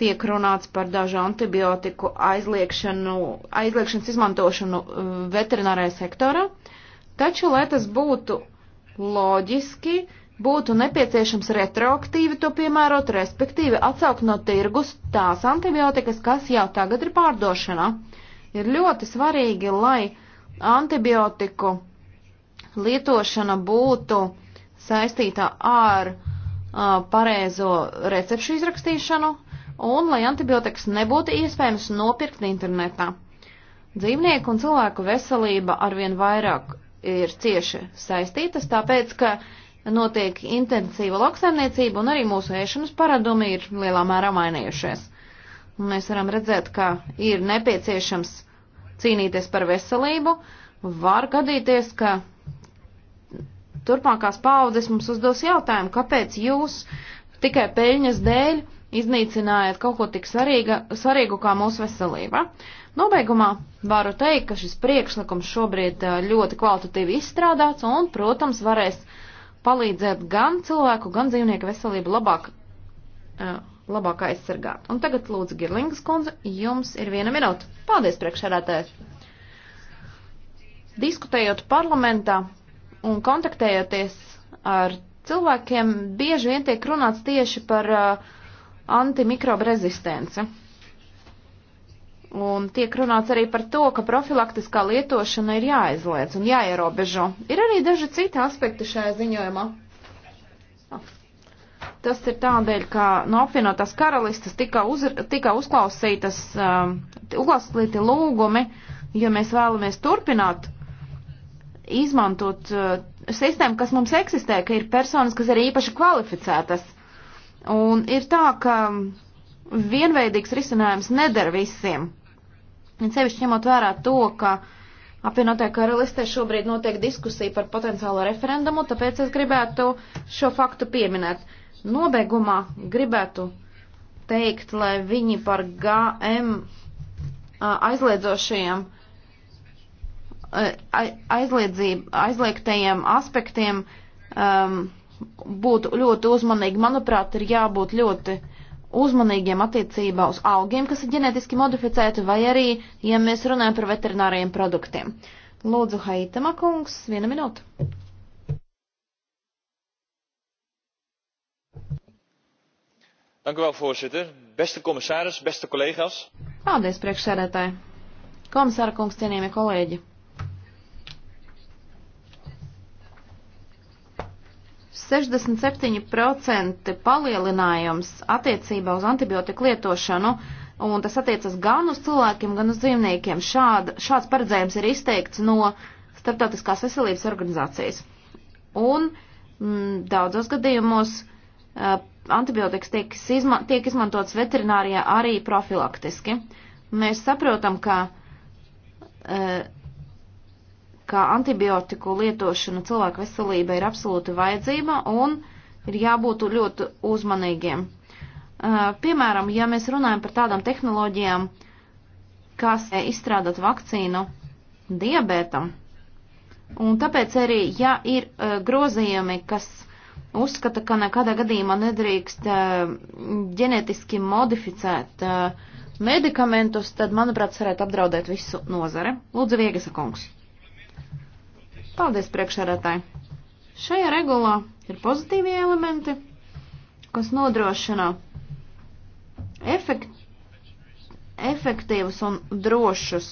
Tiek runāts par dažu antibiotiku aizliekšanu, aizliekšanas izmantošanu uh, veterinārajā sektorā, taču, lai tas būtu loģiski, būtu nepieciešams retroaktīvi to piemērot, respektīvi atsaukt no tirgus tās antibiotikas, kas jau tagad ir pārdošanā. Ir ļoti svarīgi, lai antibiotiku lietošana būtu saistīta ar uh, pareizo recepšu izrakstīšanu un lai antibiotikas nebūtu iespējams nopirkt internetā. Dzīvnieku un cilvēku veselība arvien vairāk ir cieši saistītas, tāpēc, ka notiek intensīva lauksaimniecība un arī mūsu ēšanas paradumi ir lielā mērā mainījušies. Un mēs varam redzēt, ka ir nepieciešams cīnīties par veselību, var gadīties, ka turpmākās paudzes mums uzdos jautājumu, kāpēc jūs tikai peļņas dēļ iznīcinājāt kaut ko tik svarīga, svarīgu kā mūsu veselība. Nobeigumā varu teikt, ka šis priekšlikums šobrīd ļoti kvalitatīvi izstrādāts un, protams, varēs palīdzēt gan cilvēku, gan dzīvnieku veselību labāk uh, labāk aizsargāt. Un tagad lūdzu Girlingas kundze, jums ir viena minūte. Paldies, priekšsēdētājs! Diskutējot parlamentā un kontaktējoties ar cilvēkiem, bieži vien tiek runāts tieši par uh, antimikrobu rezistenci. Un tiek runāts arī par to, ka profilaktiskā lietošana ir jāizliedz un jāierobežo. Ir arī daži citi aspekti šajā ziņojumā. Oh. Tas ir tādēļ, ka no apvienotās karalistas tika, uz, tika uzklausītas, um, uzklausīti lūgumi, jo mēs vēlamies turpināt izmantot uh, sistēmu, kas mums eksistē, ka ir personas, kas ir īpaši kvalificētas. Un ir tā, ka vienveidīgs risinājums neder visiem. Un sevišķi ņemot vērā to, ka apvienotā karalistē šobrīd notiek diskusija par potenciālo referendumu, tāpēc es gribētu šo faktu pieminēt. Nobeigumā gribētu teikt, lai viņi par GM aizliedzošajiem aizliegtajiem aspektiem um, būtu ļoti uzmanīgi. Manuprāt, ir jābūt ļoti uzmanīgiem attiecībā uz augiem, kas ir ģenētiski modificēti, vai arī, ja mēs runājam par veterināriem produktiem. Lūdzu, Haitama kungs, viena minūte. voorzitter beste commissaris beste collega's paldies priekšsēdētāji komisāra kungs cienījamie kolēģi sešdesmit septiņi procenti palielinājums attiecībā uz antibiotiku lietošanu un tas attiecas gan uz cilvēkiem gan uz dzīvniekiem Šād, šāds paredzējums ir izteikts no starptautiskās veselības organizācijas un m, mm, daudzos gadījumos antibiotikas tiek, izma tiek izmantotas veterinārijā arī profilaktiski. Mēs saprotam, ka, e, ka antibiotiku lietošana cilvēku veselībai ir absolūti vajadzība un ir jābūt ļoti uzmanīgiem. E, piemēram, ja mēs runājam par tādām tehnoloģijām, kas e, izstrādāt vakcīnu diabetam, un tāpēc arī, ja ir e, grozījumi, kas uzskata, ka nekādā gadījumā nedrīkst eh, ģenētiski modificēt eh, medikamentus, tad, manuprāt, varētu apdraudēt visu nozare. Lūdzu, Viegasa kungs. Paldies, priekšsēdētāji. Šajā regulā ir pozitīvie elementi, kas nodrošina efekt, efektīvus un drošus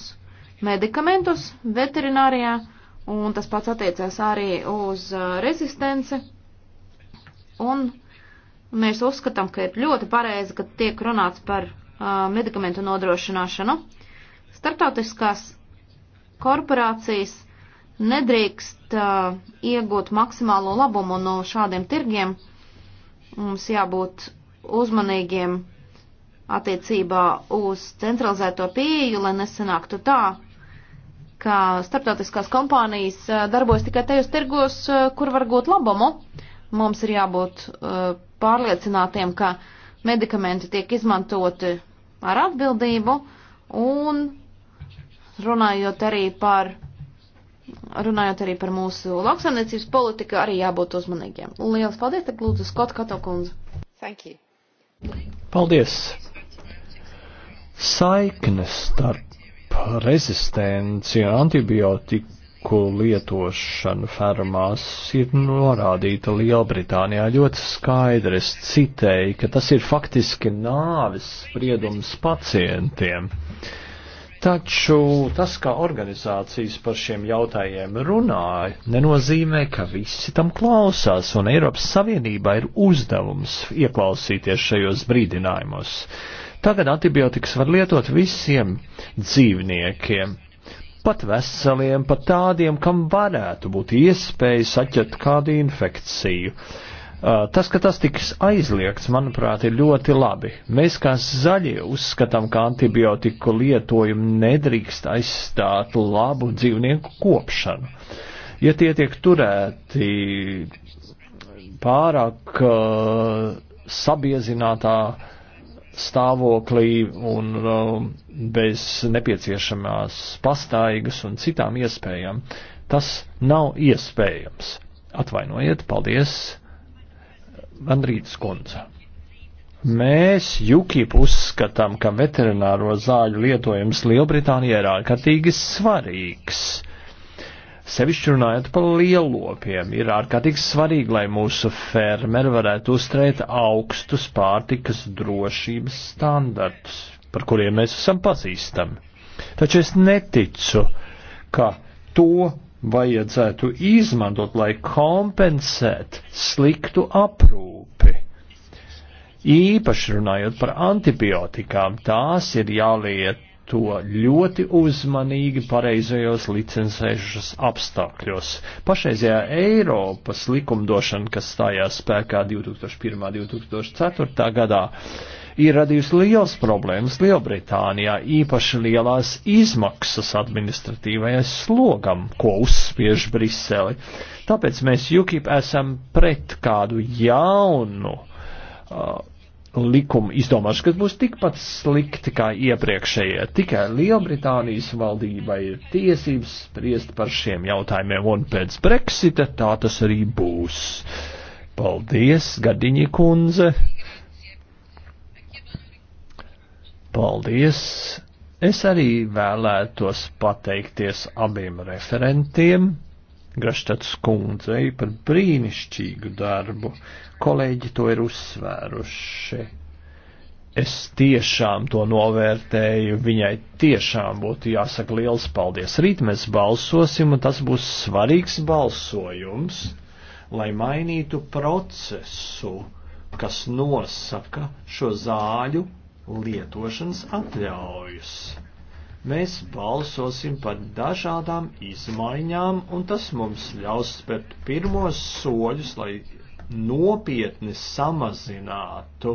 medikamentus veterinārijā, un tas pats attiecās arī uz eh, rezistenci un mēs uzskatām, ka ir ļoti pareizi, ka tiek runāts par uh, medikamentu nodrošināšanu. Startautiskās korporācijas nedrīkst uh, iegūt maksimālo labumu no šādiem tirgiem. Mums jābūt uzmanīgiem attiecībā uz centralizēto pieeju, lai nesanāktu tā, ka starptautiskās kompānijas uh, darbojas tikai tajos tirgos, uh, kur var gūt labumu. Mums ir jābūt uh, pārliecinātiem, ka medikamenti tiek izmantoti ar atbildību un runājot arī par, runājot arī par mūsu lauksaimniecības politiku, arī jābūt uzmanīgiem. Lielas paldies, tad lūdzu, Skot Katokundze. Thank you. Paldies. Saiknes starp rezistenci antibiotika narkotiku lietošanu fermās ir norādīta Lielbritānijā ļoti skaidri. Es citēju, ka tas ir faktiski nāves spriedums pacientiem. Taču tas, kā organizācijas par šiem jautājiem runāja, nenozīmē, ka visi tam klausās, un Eiropas Savienībā ir uzdevums ieklausīties šajos brīdinājumos. Tagad antibiotikas var lietot visiem dzīvniekiem pat veseliem, pat tādiem, kam varētu būt iespēja saķert kādu infekciju. Uh, tas, ka tas tiks aizliegts, manuprāt, ir ļoti labi. Mēs kā zaļie uzskatām, ka antibiotiku lietojumu nedrīkst aizstāt labu dzīvnieku kopšanu. Ja tie tiek turēti pārāk uh, sabiezinātā uh, stāvoklī un um, bez nepieciešamās pastaigas un citām iespējām. Tas nav iespējams. Atvainojiet, paldies, Andrītas kundze. Mēs UKIP uzskatām, ka veterināro zāļu lietojums Lielbritānijā ir ārkārtīgi svarīgs Sevišķi runājot par lielopiem, ir ārkārtīgi svarīgi, lai mūsu fermeri varētu uzturēt augstus pārtikas drošības standartus, par kuriem mēs esam pazīstami. Taču es neticu, ka to vajadzētu izmantot, lai kompensētu sliktu aprūpi. Īpaši runājot par antibiotikām, tās ir jāliet to ļoti uzmanīgi pareizajos licencēšanas apstākļos. Pašreizējā Eiropas likumdošana, kas stājās spēkā 2001.-2004. gadā, ir radījusi liels problēmas Lielbritānijā, īpaši lielās izmaksas administratīvajai slogam, ko uzspiež Briseli. Tāpēc mēs UKIP esam pret kādu jaunu uh, likuma izdomāšana, kas būs tikpat slikti kā iepriekšējie. Tikai Lielbritānijas valdība ir tiesības spriest par šiem jautājumiem, un pēc Brexita tā tas arī būs. Paldies, Gadiņa kundze! Paldies! Es arī vēlētos pateikties abiem referentiem Graštats kundzei par brīnišķīgu darbu. Kolēģi to ir uzsvēruši. Es tiešām to novērtēju, viņai tiešām būtu jāsaka liels paldies. Rīt mēs balsosim, un tas būs svarīgs balsojums, lai mainītu procesu, kas nosaka šo zāļu lietošanas atļaujas. Mēs balsosim par dažādām izmaiņām, un tas mums ļaus spērt pirmos soļus, lai nopietni samazinātu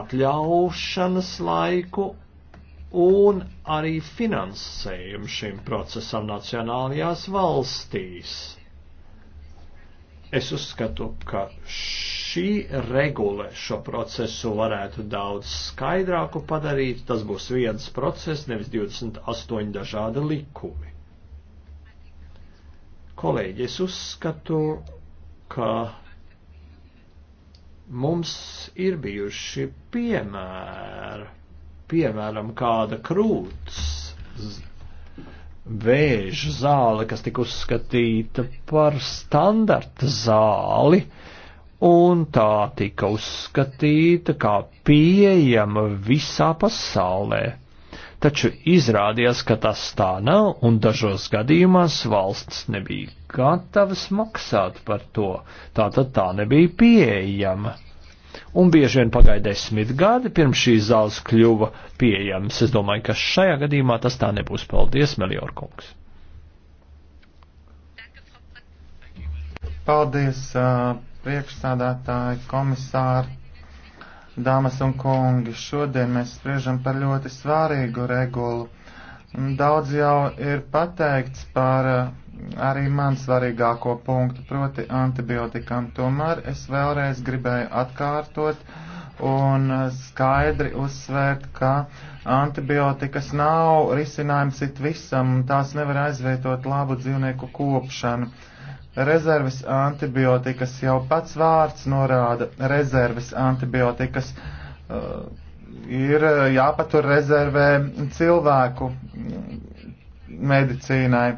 atļaušanas laiku un arī finansējumu šim procesam nacionālajās valstīs. Es uzskatu, ka šī regula šo procesu varētu daudz skaidrāku padarīt. Tas būs viens process, nevis 28 dažādi likumi. Kolēģi, es uzskatu, ka mums ir bijuši piemēri, piemēram, kāda krūts vēža zāle, kas tika uzskatīta par standarta zāli, uh, un tā tika uzskatīta kā pieejama visā pasaulē. Taču izrādījās, ka tas tā nav, un dažos gadījumās valsts nebija gatavas maksāt par to, tātad tā nebija pieejama. Un bieži vien pagāja desmit gadi, pirms šīs zāles kļuva pieejamas. Es domāju, ka šajā gadījumā tas tā nebūs. Paldies, Meliorkungs! Paldies! Uh priekšsādātāji, komisāri, dāmas un kungi. Šodien mēs spriežam par ļoti svārīgu regulu. Daudz jau ir pateikts par eh, arī man svarīgāko punktu, proti antibiotikam. Tomēr es vēlreiz gribēju atkārtot un eh, skaidri uzsvērt, ka antibiotikas nav risinājums it visam, tās nevar aizvietot labu dzīvnieku kopšanu. Rezerves antibiotikas jau pats vārds norāda rezerves antibiotikas. Uh, ir jāpatur rezervē cilvēku medicīnai.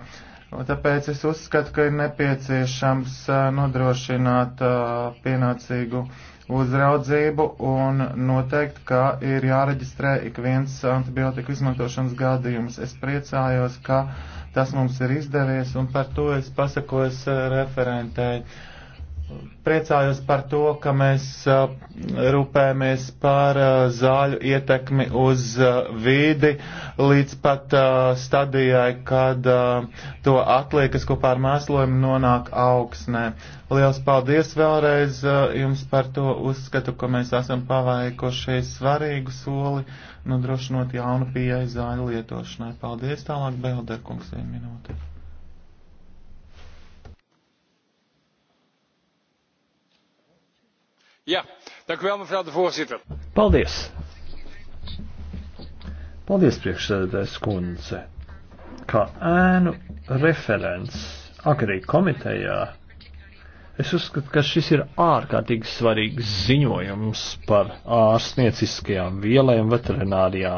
Uh, Tāpēc es uzskatu, ka ir nepieciešams uh, nodrošināt uh, pienācīgu uzraudzību un noteikt, ka ir jāreģistrē ik viens antibiotiku izmantošanas gadījums. Es priecājos, ka tas mums ir izdevies un par to es pasakos eh, referentēju priecājos par to, ka mēs rūpējamies par zāļu ietekmi uz vīdi līdz pat stadijai, kad to atliekas kopā ar mēslojumu nonāk augsnē. Liels paldies vēlreiz jums par to uzskatu, ka mēs esam paveikuši svarīgu soli nodrošinot jaunu pieeju zāļu lietošanai. Paldies tālāk, Belderkungs, vienu minūti. Jā, tā kā vēl mevrouw de voorzitter. Paldies. Paldies, priekšsēdētājs kundze. Kā ēnu referents agrī komitejā Es uzskatu, ka šis ir ārkārtīgi svarīgs ziņojums par ārstnieciskajām vielēm veterinārijā.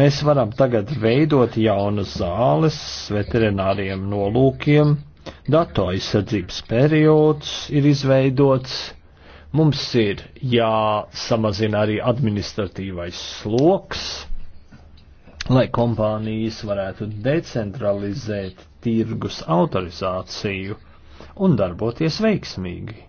Mēs varam tagad veidot jaunas zāles veterināriem nolūkiem, datu aizsardzības periods ir izveidots, Mums ir jāsamazina arī administratīvais sloks, lai kompānijas varētu decentralizēt tirgus autorizāciju un darboties veiksmīgi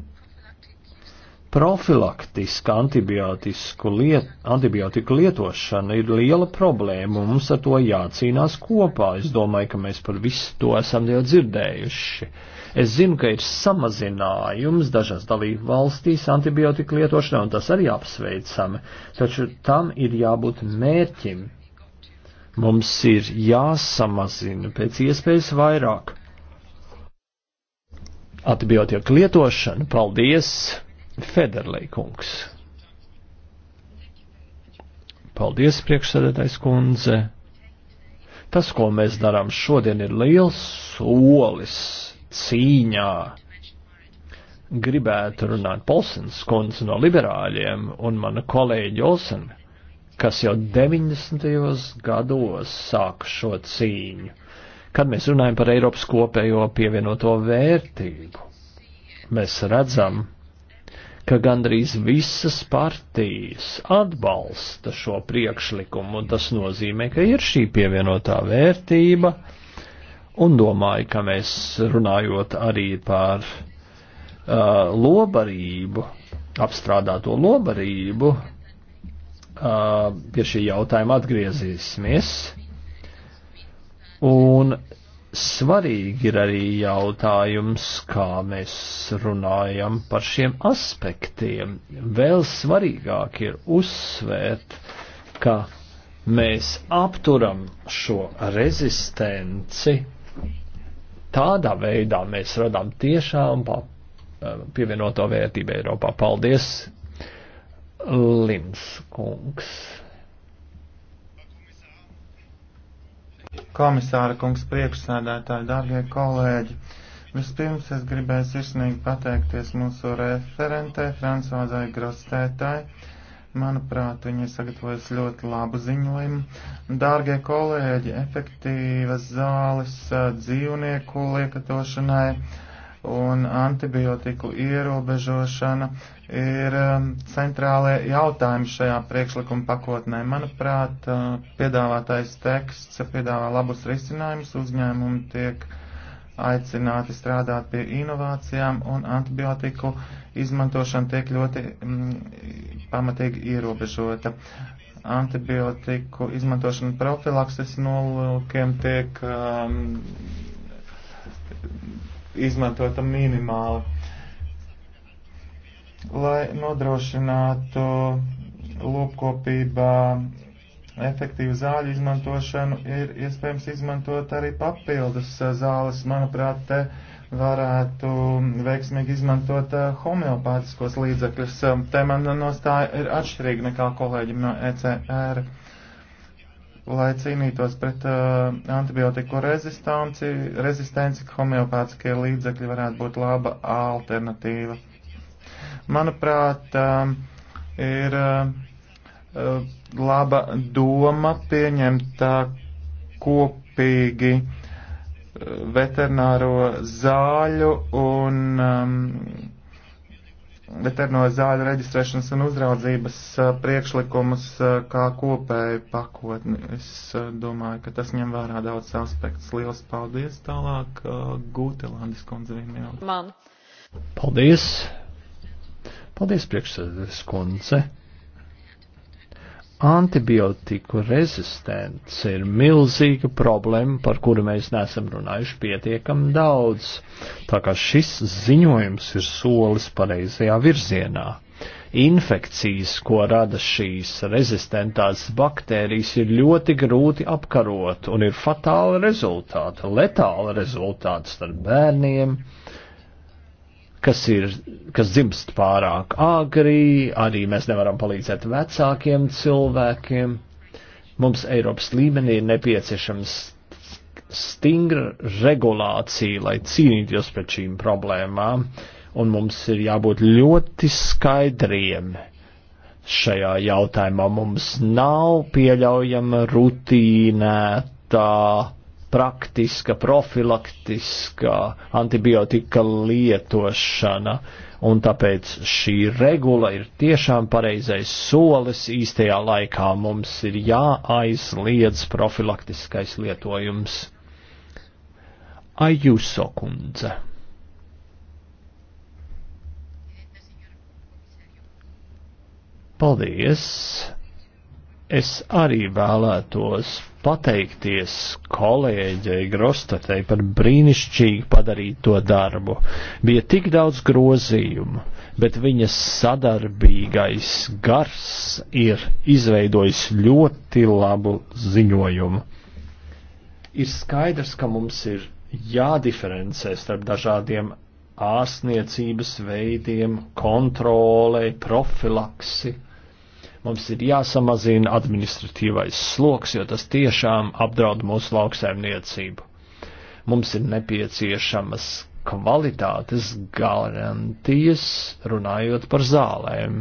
profilaktiska antibiotiku, liet, antibiotiku lietošana ir liela problēma, un mums ar to jācīnās kopā. Es domāju, ka mēs par visu to esam jau dzirdējuši. Es zinu, ka ir samazinājums dažās dalību valstīs antibiotika lietošanā, un tas arī apsveicami, taču tam ir jābūt mērķim. Mums ir jāsamazina pēc iespējas vairāk antibiotika lietošanu. Paldies, Federlei kungs! Paldies, priekšsēdētājs kundze! Tas, ko mēs darām šodien, ir liels solis cīņā. Gribētu runāt Polsens kundze no liberāļiem un mana kolēģi Olsen, kas jau 90. gados sāka šo cīņu, kad mēs runājam par Eiropas kopējo pievienoto vērtību. Mēs redzam, ka gandrīz visas partijas atbalsta šo priekšlikumu, un tas nozīmē, ka ir šī pievienotā vērtība, un domāju, ka mēs runājot arī par uh, lobarību, apstrādāto lobarību, uh, pie šī jautājuma atgriezīsimies. Un svarīgi ir arī jautājums, kā mēs runājam par šiem aspektiem. Vēl svarīgāk ir uzsvērt, ka mēs apturam šo rezistenci Tādā veidā mēs radām tiešām eh, pievienoto vērtību Eiropā. Paldies, Lins kungs. Komisāra kungs priekšsēdētāji, dārgie kolēģi. Vispirms es gribēju sirsnīgi pateikties mūsu referentē, Francozai Grostētai Manuprāt, viņi ir sagatavojuši ļoti labu ziņojumu. Dārgie kolēģi, efektīvas zāles dzīvnieku liekatošanai un antibiotiku ierobežošana ir centrālie jautājumi šajā priekšlikuma pakotnē. Manuprāt, piedāvātais teksts piedāvā labus risinājumus, uzņēmumi tiek aicināti strādāt pie inovācijām un antibiotiku izmantošana tiek ļoti mm, pamatīgi ierobežota. Antibiotiku izmantošana profilakses nolūkiem tiek um, izmantota minimāli. Lai nodrošinātu lopkopībā efektīvu zāļu izmantošanu ir iespējams izmantot arī papildus eh, zāles. Manuprāt, te varētu veiksmīgi izmantot eh, homeopātiskos līdzekļus. Eh, te man nostāja ir atšķirīga nekā kolēģim no ECR. Lai cīnītos pret uh, antibiotiku rezistanci, rezistenci, homeopātiskie līdzekļi varētu būt laba alternatīva. Manuprāt, uh, ir. Uh, Eh, laba doma pieņemtā kopīgi eh, veterināro zāļu un um, veterināro zāļu reģistrēšanas un uzraudzības uh, priekšlikumus uh, kā kopēju pakotni. Es uh, domāju, ka tas ņem vērā daudz aspektus. Liels paldies tālāk uh, Gūtelandes kundze vienmēr. Man. Paldies. Paldies priekšsēdētājs kundze. Antibiotiku rezistence ir milzīga problēma, par kuru mēs neesam runājuši pietiekam daudz, tā kā šis ziņojums ir solis pareizajā virzienā infekcijas, ko rada šīs rezistentās baktērijas, ir ļoti grūti apkarot un ir fatāla rezultāta, letāla rezultāta starp bērniem, kas ir, kas dzimst pārāk āgrī, arī mēs nevaram palīdzēt vecākiem cilvēkiem. Mums Eiropas līmenī ir nepieciešams stingra regulācija, lai cīnītos pret šīm problēmām, un mums ir jābūt ļoti skaidriem šajā jautājumā. Mums nav pieļaujama rutīnētā praktiska, profilaktiskā antibiotika lietošana, un tāpēc šī regula ir tiešām pareizais solis īstajā laikā. Mums ir jāaizliedz profilaktiskais lietojums. Ajuso kundze. Paldies! Es arī vēlētos pateikties kolēģei Grostatei par brīnišķīgi padarīto darbu. Bija tik daudz grozījumu, bet viņas sadarbīgais gars ir izveidojis ļoti labu ziņojumu. Ir skaidrs, ka mums ir jādiferencē starp dažādiem ārstniecības veidiem, kontrolei, profilaksi Mums ir jāsamazina administratīvais sloks, jo tas tiešām apdraud mūsu lauksaimniecību. Mums ir nepieciešamas kvalitātes garantijas, runājot par zālēm,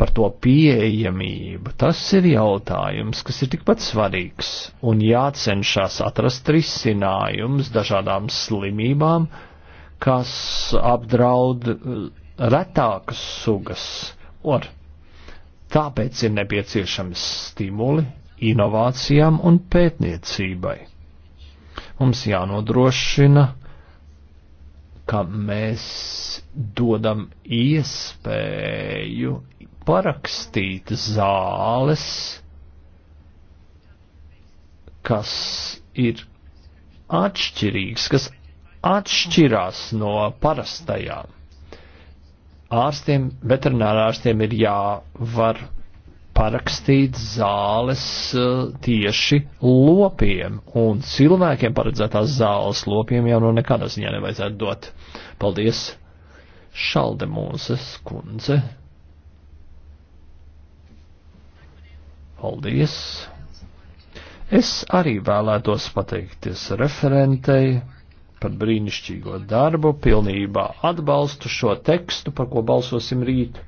par to pieejamību. Tas ir jautājums, kas ir tikpat svarīgs un jācenšas atrast risinājums dažādām slimībām, kas apdraud eh, retākas sugas. Or, Tāpēc ir nepieciešami stimuli inovācijām un pētniecībai. Mums jānodrošina, ka mēs dodam iespēju parakstīt zāles, kas ir atšķirīgs, kas atšķirās no parastajām ārstiem, veterinārārstiem ir jāvar parakstīt zāles eh, tieši lopiem, un cilvēkiem paredzētās zāles lopiem jau no nu nekādā ziņā nevajadzētu dot. Paldies, Šaldemūzes kundze. Paldies. Es arī vēlētos pateikties referentei par brīnišķīgo darbu, pilnībā atbalstu šo tekstu, par ko balsosim rīt.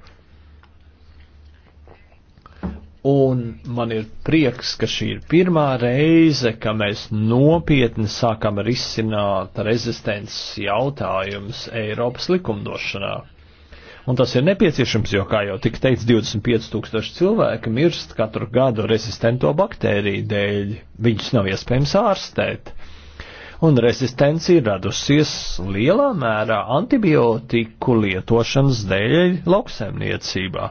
Un man ir prieks, ka šī ir pirmā reize, ka mēs nopietni sākam risināt rezistences jautājumus Eiropas likumdošanā. Un tas ir nepieciešams, jo, kā jau tika teikts, 25 tūkstoši cilvēki mirst katru gadu rezistento baktēriju dēļ. Viņus nav iespējams ārstēt un resistence ir radusies lielā mērā antibiotiku lietošanas dēļ lauksaimniecībā.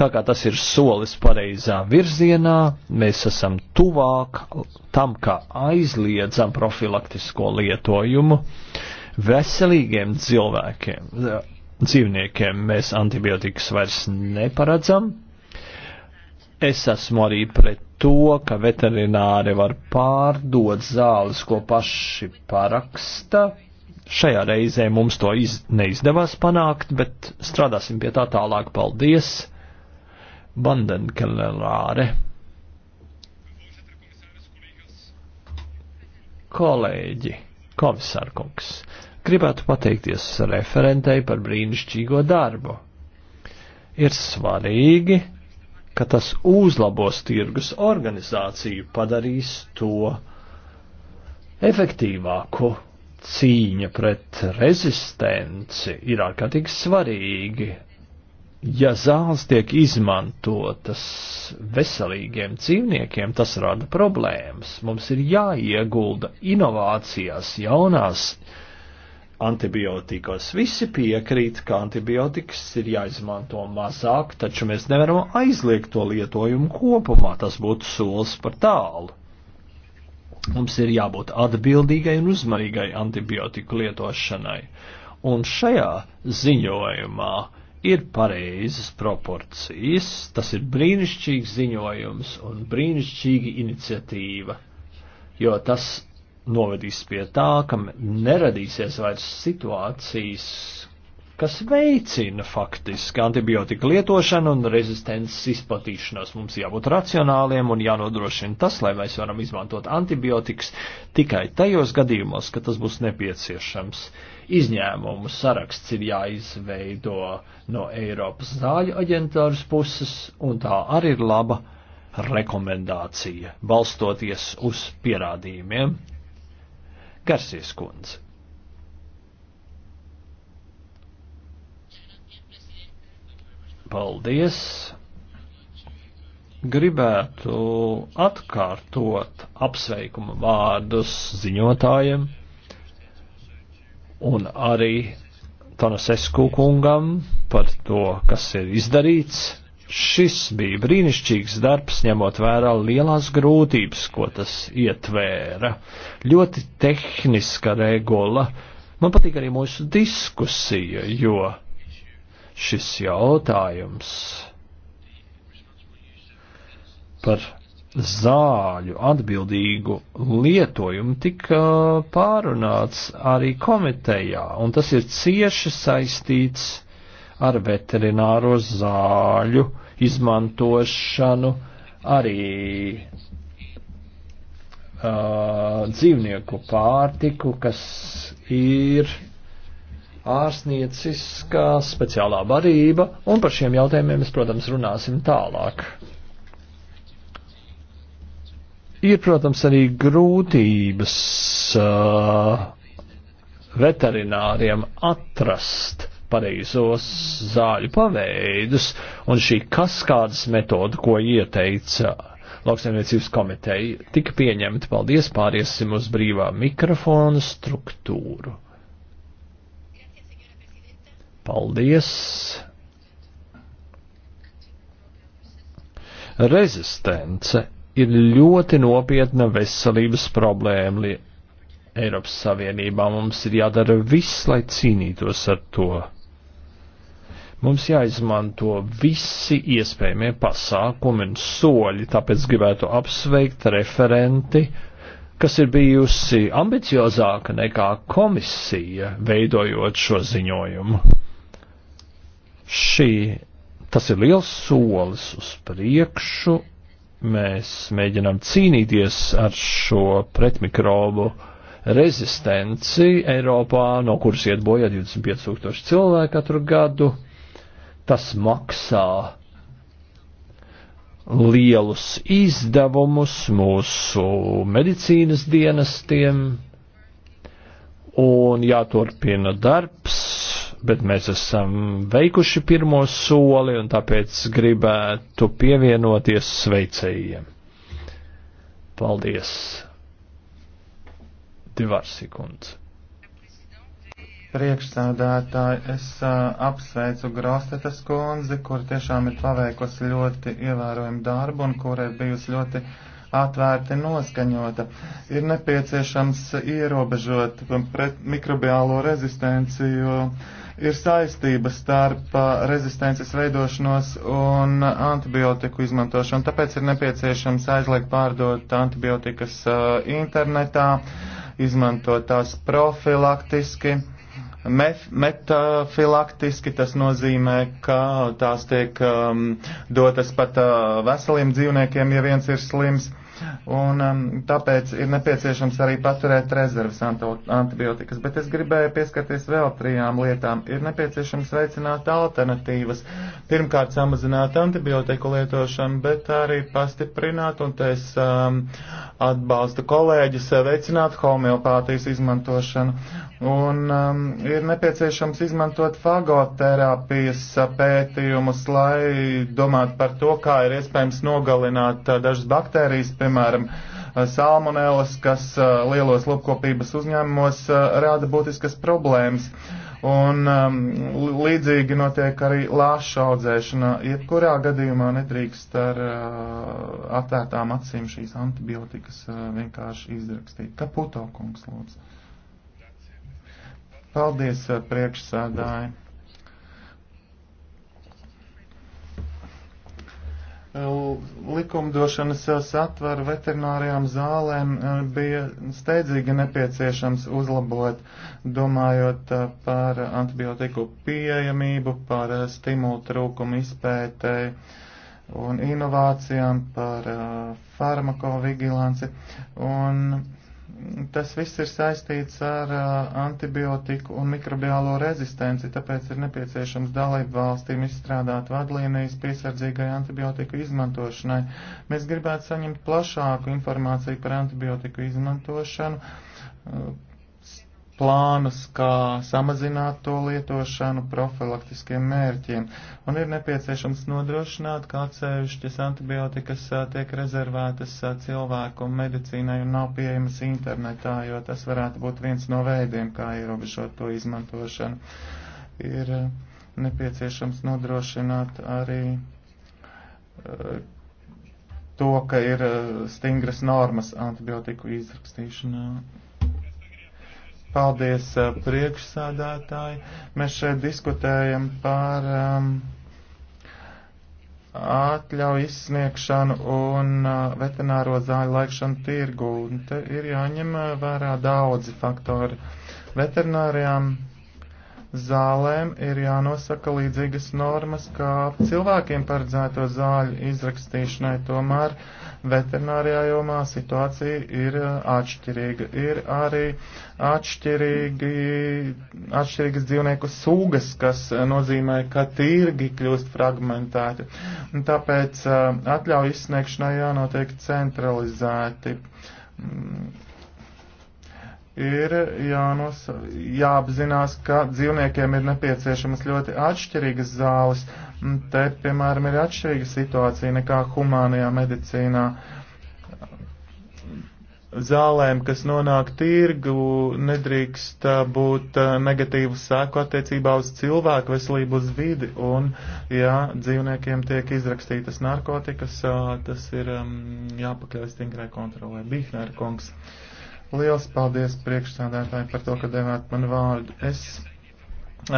Tā kā tas ir solis pareizā virzienā, mēs esam tuvāk tam, kā aizliedzam profilaktisko lietojumu veselīgiem cilvēkiem, dzīvniekiem. Mēs antibiotikas vairs neparedzam, Es esmu arī pret to, ka veterināri var pārdot zāles, ko paši paraksta. Šajā reizē mums to iz, neizdevās panākt, bet strādāsim pie tā tālāk. Paldies! Bandenkellerāre! Kolēģi, komisārkungs, gribētu pateikties referentei par brīnišķīgo darbu. Ir svarīgi, ka tas uzlabos tirgus organizāciju, padarīs to efektīvāku. Cīņa pret rezistenci ir ārkārtīgi svarīgi, ja zāles tiek izmantotas veselīgiem dzīvniekiem, tas rada problēmas. Mums ir jāiegulda inovācijās, jaunās antibiotikos. Visi piekrīt, ka antibiotikas ir jāizmanto mazāk, taču mēs nevaram aizliegt to lietojumu kopumā. Tas būtu solis par tālu. Mums ir jābūt atbildīgai un uzmanīgai antibiotiku lietošanai. Un šajā ziņojumā ir pareizas proporcijas, tas ir brīnišķīgs ziņojums un brīnišķīga iniciatīva, jo tas novedīs pie tā, ka neradīsies vairs situācijas, kas veicina faktiski antibiotika lietošanu un rezistences izplatīšanos. Mums jābūt racionāliem un jānodrošina tas, lai mēs varam izmantot antibiotikas tikai tajos gadījumos, kad tas būs nepieciešams. Izņēmumu saraksts ir jāizveido no Eiropas zāļu aģentūras puses, un tā arī ir laba rekomendācija, balstoties uz pierādījumiem. Garsies kundze. Paldies! Gribētu atkārtot apsveikuma vārdus ziņotājiem un arī Tanasesku kungam par to, kas ir izdarīts Šis bija brīnišķīgs darbs, ņemot vērā lielās grūtības, ko tas ietvēra. Ļoti tehniska regula. Man patīk arī mūsu diskusija, jo šis jautājums par zāļu atbildīgu lietojumu tika pārunāts arī komitejā, un tas ir cieši saistīts ar veterināro zāļu izmantošanu arī uh, dzīvnieku pārtiku, kas ir ārsnieciskā speciālā barība, un par šiem jautājumiem mēs, protams, runāsim tālāk. Ir, protams, arī grūtības uh, veterināriem atrast pareizos zāļu paveidus, un šī kaskādas metoda, ko ieteica lauksaimniecības komiteja, tika pieņemta. Paldies, pāriesim uz brīvā mikrofona struktūru. Paldies! Rezistence ir ļoti nopietna veselības problēma Eiropas Savienībā. Mums ir jādara viss, lai cīnītos ar to. Mums jāizmanto visi iespējamie pasākumi un soļi, tāpēc gribētu apsveikt referenti, kas ir bijusi ambiciozāka nekā komisija, veidojot šo ziņojumu. Šī, tas ir liels solis uz priekšu, mēs mēģinām cīnīties ar šo pretmikrobu rezistenci Eiropā, no kuras iet bojā 25 tūkstoši cilvēku katru gadu tas maksā lielus izdevumus mūsu medicīnas dienestiem, un jāturpina darbs, bet mēs esam veikuši pirmo soli, un tāpēc gribētu pievienoties sveicējiem. Paldies! Divas sekundes priekšsādātāji, es uh, apsveicu Grostetas kundzi, kur tiešām ir paveikusi ļoti ievērojumu darbu un kurai bijusi ļoti atvērti noskaņota. Ir nepieciešams ierobežot pret mikrobiālo rezistenci, jo ir saistība starp uh, rezistences veidošanos un antibiotiku izmantošanu. Tāpēc ir nepieciešams aizliegt pārdot antibiotikas uh, internetā, izmantot tās profilaktiski Metafilaktiski tas nozīmē, ka tās tiek um, dotas pat uh, veseliem dzīvniekiem, ja viens ir slims. Un um, tāpēc ir nepieciešams arī paturēt rezerves antibiotikas. Bet es gribēju pieskarties vēl trijām lietām. Ir nepieciešams veicināt alternatīvas. Pirmkārt, samazināt antibiotiku lietošanu, bet arī pastiprināt, un te es um, atbalstu kolēģis, veicināt homeopātijas izmantošanu. Un um, ir nepieciešams izmantot fagoterapijas pētījumus, lai domātu par to, kā ir iespējams nogalināt uh, dažas baktērijas, piemēram, uh, salmonēlas, kas uh, lielos lopkopības uzņēmumos uh, rāda būtiskas problēmas. Un um, līdzīgi notiek arī lāša audzēšana. Jebkurā gadījumā nedrīkst ar uh, atvērtām acīm šīs antibiotikas uh, vienkārši izrakstīt. Kaputo kungs lūdzu. Paldies, eh, priekšsādāji. Eh, likumdošanas eh, satvaru veterinārijām zālēm bija steidzīgi nepieciešams uzlabot, domājot par antibiotiku pieejamību, par stimulu trūkumu izpētēji un inovācijām, par farmakovigilanci. Un Tas viss ir saistīts ar uh, antibiotiku un mikrobiālo rezistenci, tāpēc ir nepieciešams dalību valstīm izstrādāt vadlīnijas piesardzīgai antibiotiku izmantošanai. Mēs gribētu saņemt plašāku informāciju par antibiotiku izmantošanu, uh, plānus, kā samazināt to lietošanu profilaktiskiem mērķiem, un ir nepieciešams nodrošināt, kā atsevišķas antibiotikas tiek rezervētas cilvēku un medicīnai un nav pieejamas internetā, jo tas varētu būt viens no veidiem, kā ierobežot to izmantošanu. Ir nepieciešams nodrošināt arī to, ka ir stingras normas antibiotiku izrakstīšanā Paldies, uh, priekšsādātāji. Mēs šeit diskutējam par um, atļauju izsniegšanu un uh, veterināro zāļu laikšanu tirgu. Un te ir jāņem uh, vērā daudzi faktori. Veterinārijām zālēm ir jānosaka līdzīgas normas kā cilvēkiem paredzēto zāļu izrakstīšanai. Tomēr veterinārijā jomā situācija ir uh, atšķirīga. Ir arī atšķirīgi, atšķirīgas dzīvnieku sūgas, kas uh, nozīmē, ka tirgi kļūst fragmentēti. Un tāpēc uh, atļauju izsniegšanai jānotiek centralizēti mm ir jānos, jāapzinās, ka dzīvniekiem ir nepieciešamas ļoti atšķirīgas zāles. Te, piemēram, ir atšķirīga situācija nekā humānajā medicīnā. Zālēm, kas nonāk tirgu, nedrīkst būt negatīvu sēku attiecībā uz cilvēku veselību, uz vidi, un, ja dzīvniekiem tiek izrakstītas narkotikas, tas ir um, jāpakļauj stingrai kontrolē. Bihner kungs. Uh, Liels paldies priekšsādātājiem par to, ka devāt man vārdu. Es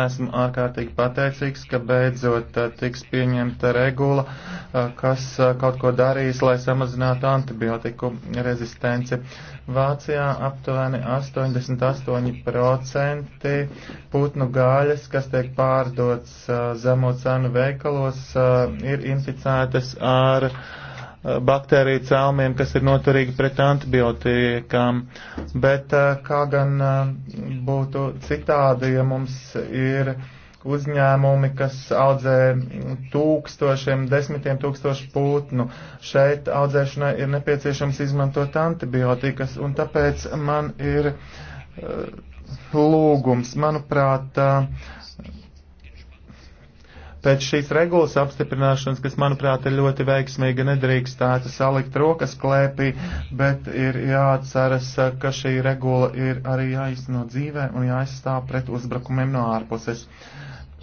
esmu ārkārtīgi pateicīgs, ka beidzot eh, tiks pieņemta regula, eh, kas eh, kaut ko darīs, lai samazinātu antibiotiku rezistenci. Vācijā aptuveni 88% putnu gāļas, kas tiek pārdots zemo cenu veikalos, ir inficētas ar Eh, baktēriju cēlmiem, kas ir noturīgi pret antibiotikām. Bet eh, kā gan eh, būtu citādi, ja mums ir uzņēmumi, kas audzē tūkstošiem, desmitiem tūkstošu putnu. Šeit audzēšanai ir nepieciešams izmantot antibiotikas, un tāpēc man ir lūgums. Manuprāt, Pēc šīs regulas apstiprināšanas, kas manuprāt ir ļoti veiksmīga, nedrīkst tāda salikt rokas klēpī, bet ir jāatceras, ka šī regula ir arī jāizno dzīvē un jāizstāv pret uzbrukumiem no ārpuses.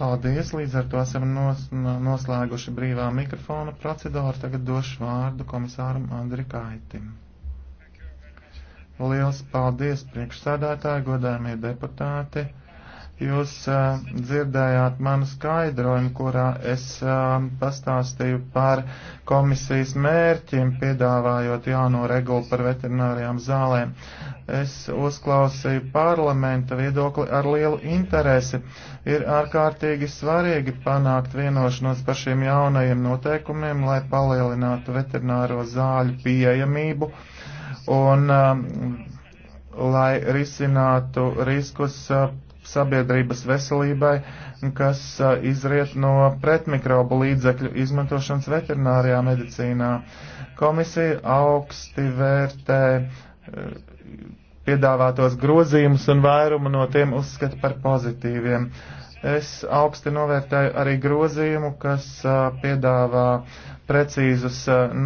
Paldies, līdz ar to esam nos, noslēguši brīvā mikrofona procedūru. Tagad došu vārdu komisāram Andri Kaitim. Liels paldies priekšsādātāji, godājumie deputāti. Jūs uh, dzirdējāt manu skaidrojumu, kurā es uh, pastāstīju par komisijas mērķiem, piedāvājot jauno regulu par veterinārijām zālēm. Es uzklausīju parlamenta viedokli ar lielu interesi. Ir ārkārtīgi svarīgi panākt vienošanos par šiem jaunajiem noteikumiem, lai palielinātu veterināro zāļu pieejamību. Un, uh, lai risinātu riskus sabiedrības veselībai, kas izriet no pretmikrobu līdzekļu izmantošanas veterinārijā medicīnā. Komisija augsti vērtē piedāvātos grozījumus un vairumu no tiem uzskata par pozitīviem. Es augsti novērtēju arī grozījumu, kas piedāvā precīzus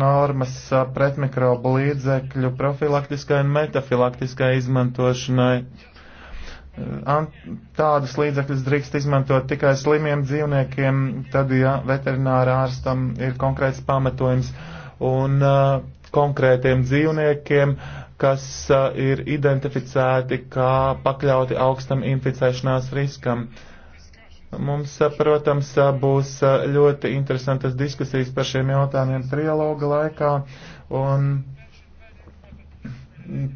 normas pretmikrobu līdzekļu profilaktiskai un metafilaktiskai izmantošanai Tādus līdzekļus drīkst izmantot tikai slimiem dzīvniekiem, tad, ja veterinārā ārstam ir konkrēts pamatojums un uh, konkrētiem dzīvniekiem, kas uh, ir identificēti kā pakļauti augstam inficēšanās riskam. Mums, protams, būs ļoti interesantas diskusijas par šiem jautājumiem trialoga laikā, un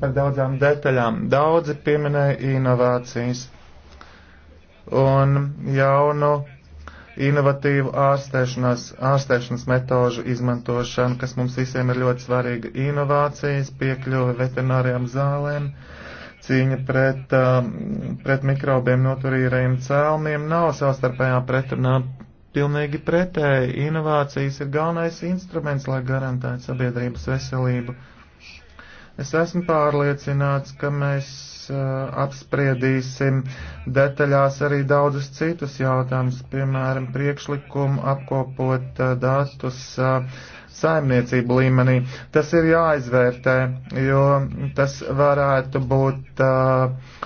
par daudzām detaļām. Daudzi pieminēja inovācijas un jaunu inovatīvu ārstēšanas, ārstēšanas metožu izmantošanu, kas mums visiem ir ļoti svarīga. Inovācijas, piekļuve veterinārijām zālēm, cīņa pret, um, pret mikrobiem noturīgajiem cēlniem nav savstarpējā pretrunā. Pilnīgi pretēji, inovācijas ir galvenais instruments, lai garantētu sabiedrības veselību. Es esmu pārliecināts, ka mēs uh, apspriedīsim detaļās arī daudzus citus jautājumus, piemēram, priekšlikumu apkopot uh, datus uh, saimniecību līmenī. Tas ir jāizvērtē, jo tas varētu būt uh,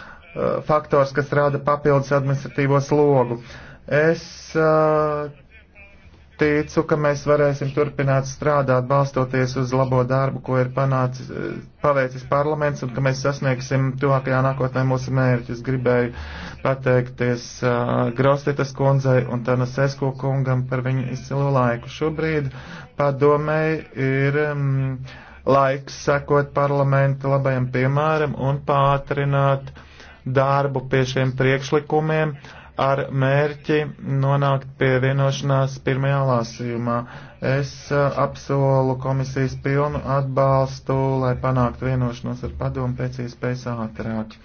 faktors, kas rada papildus administratīvo slogu. Es uh, ticu, ka mēs varēsim turpināt strādāt, balstoties uz labo darbu, ko ir panācis, eh, paveicis parlaments, un ka mēs sasniegsim tuvākajā nākotnē mūsu mērķus. Gribēju pateikties uh, Grostitas kundzei un Tana Sesko kungam par viņu izcilu laiku. Šobrīd padomēji ir um, laiks sekot parlamenta labajam piemēram un pātrināt darbu pie šiem priekšlikumiem. Uh, ar mērķi nonākt pie vienošanās pirmajā lasījumā. Es uh, apsolu komisijas pilnu atbalstu, lai panāktu vienošanos ar padomu pēc iespējas ātrāk.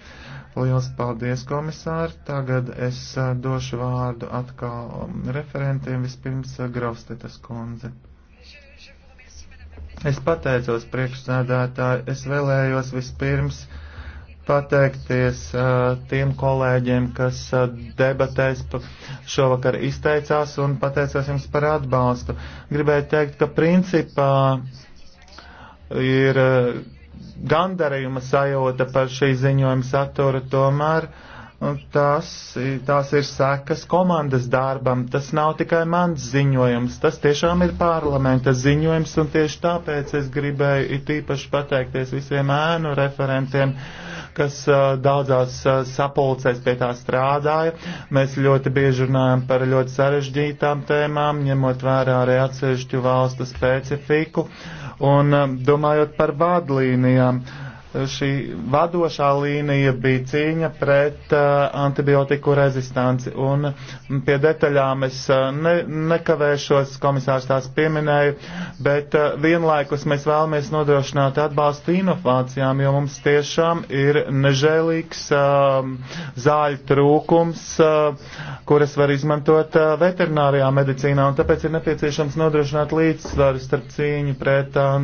Liels paldies, komisāri! Tagad es uh, došu vārdu atkal um, referentiem, vispirms uh, Graustetas kundze. Es pateicos priekšsēdētāji, es vēlējos vispirms pateikties uh, tiem kolēģiem, kas uh, debatēs šovakar izteicās un pateicos jums par atbalstu. Gribēju teikt, ka principā ir uh, gandarījuma sajūta par šī ziņojuma saturu, tomēr tas, tās ir sekas komandas darbam. Tas nav tikai mans ziņojums, tas tiešām ir parlamenta ziņojums un tieši tāpēc es gribēju it īpaši pateikties visiem ēnu referentiem. Uh, kas daudzās sapulcēs pie tā strādāja. Mēs ļoti bieži runājam par ļoti sarežģītām tēmām, ņemot vērā arī atsevišķu valstu specifiku un domājot par vadlīnijām šī vadošā līnija bija cīņa pret uh, antibiotiku rezistanci. Un pie detaļām es uh, ne, nekavēšos, komisārs tās pieminēja, bet uh, vienlaikus mēs vēlamies nodrošināt atbalstu inovācijām, jo mums tiešām ir nežēlīgs uh, zāļu trūkums, uh, kuras var izmantot uh, veterinārijā medicīnā. Un tāpēc ir nepieciešams nodrošināt līdzsvaru starp cīņu pret uh,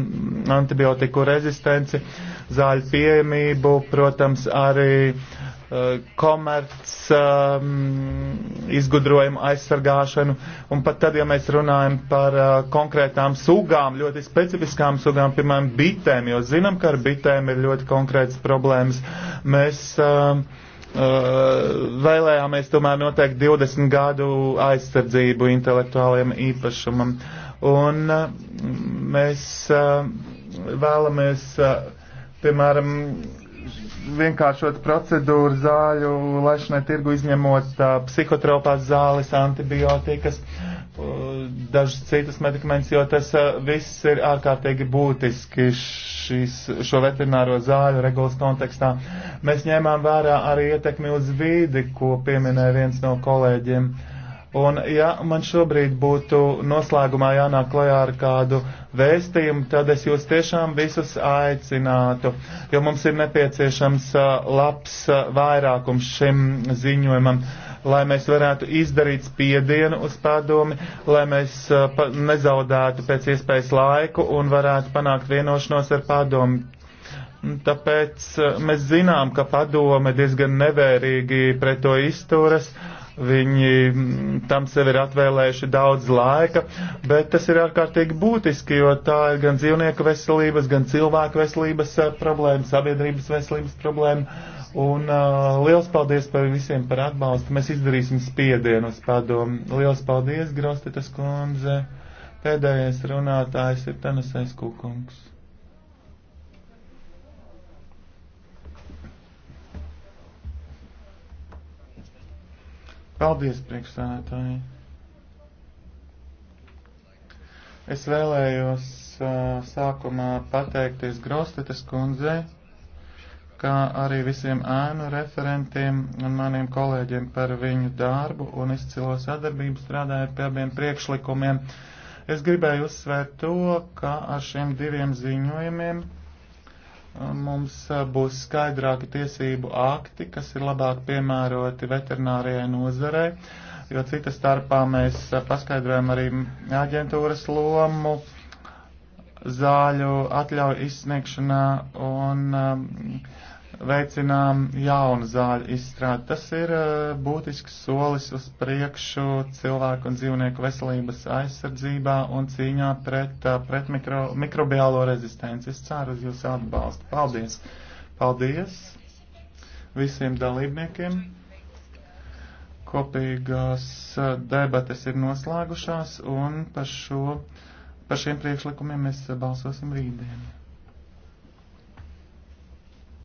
antibiotiku rezistenci zāļu zāļu pieejamību, protams, arī uh, komerc um, izgudrojumu aizsargāšanu. Un pat tad, ja mēs runājam par uh, konkrētām sugām, ļoti specifiskām sugām, piemēram, bitēm, jo zinām, ka ar bitēm ir ļoti konkrētas problēmas, mēs uh, vēlējāmies tomēr noteikt 20 gadu aizsardzību intelektuāliem īpašumam. Un mēs vēlamies piemēram, vienkāršot procedūru zāļu laišanai tirgu, izņemot uh, psihotropās zāles, antibiotikas, uh, dažas citas medikamentus, jo tas uh, viss ir ārkārtīgi būtiski šis, šo veterināro zāļu regulas kontekstā. Mēs ņēmām vērā arī ietekmi uz vīdi, ko pieminēja viens no kolēģiem. Uh, Un ja man šobrīd būtu noslēgumā jānāk klajā ar kādu vēstījumu, tad es jūs tiešām visus aicinātu, jo mums ir nepieciešams labs vairākums šim ziņojumam lai mēs varētu izdarīt spiedienu uz padomi, lai mēs pa, nezaudētu pēc iespējas laiku un varētu panākt vienošanos ar padomi. Tāpēc mēs zinām, ka padome diezgan nevērīgi pret to izturas. Uh, Viņi mm, tam sev ir atvēlējuši daudz laika, bet tas ir ārkārtīgi būtiski, jo tā ir gan dzīvnieku veselības, gan cilvēku veselības eh, problēma, sabiedrības veselības problēma. Un uh, liels paldies par visiem par atbalstu. Mēs izdarīsim spiedienu uz padomu. Liels paldies, Grostitas kundze. Pēdējais runātājs ir Tanasais Kukungs. Paldies, priekšsēdētāji! Es vēlējos uh, sākumā pateikties Grostetes kundzei, kā arī visiem ēnu referentiem un maniem kolēģiem par viņu darbu un izcilo sadarbību strādājot pie abiem priekšlikumiem. Es gribēju uzsvērt to, ka ar šiem diviem ziņojumiem mums būs skaidrāki tiesību akti, kas ir labāk piemēroti veterinārijai nozarei, jo cita starpā mēs paskaidrojam arī aģentūras lomu zāļu atļauju izsniegšanā un um, veicinām jaunu zāļu izstrādi. Tas ir uh, būtisks solis uz priekšu cilvēku un dzīvnieku veselības aizsardzībā un cīņā pret, uh, pret mikro, mikrobiālo rezistenci. Es ceru uz jūsu atbalstu. Paldies! Paldies visiem dalībniekiem! Kopīgās uh, debates ir noslēgušās un par, šo, par šiem priekšlikumiem mēs balsosim rītdien.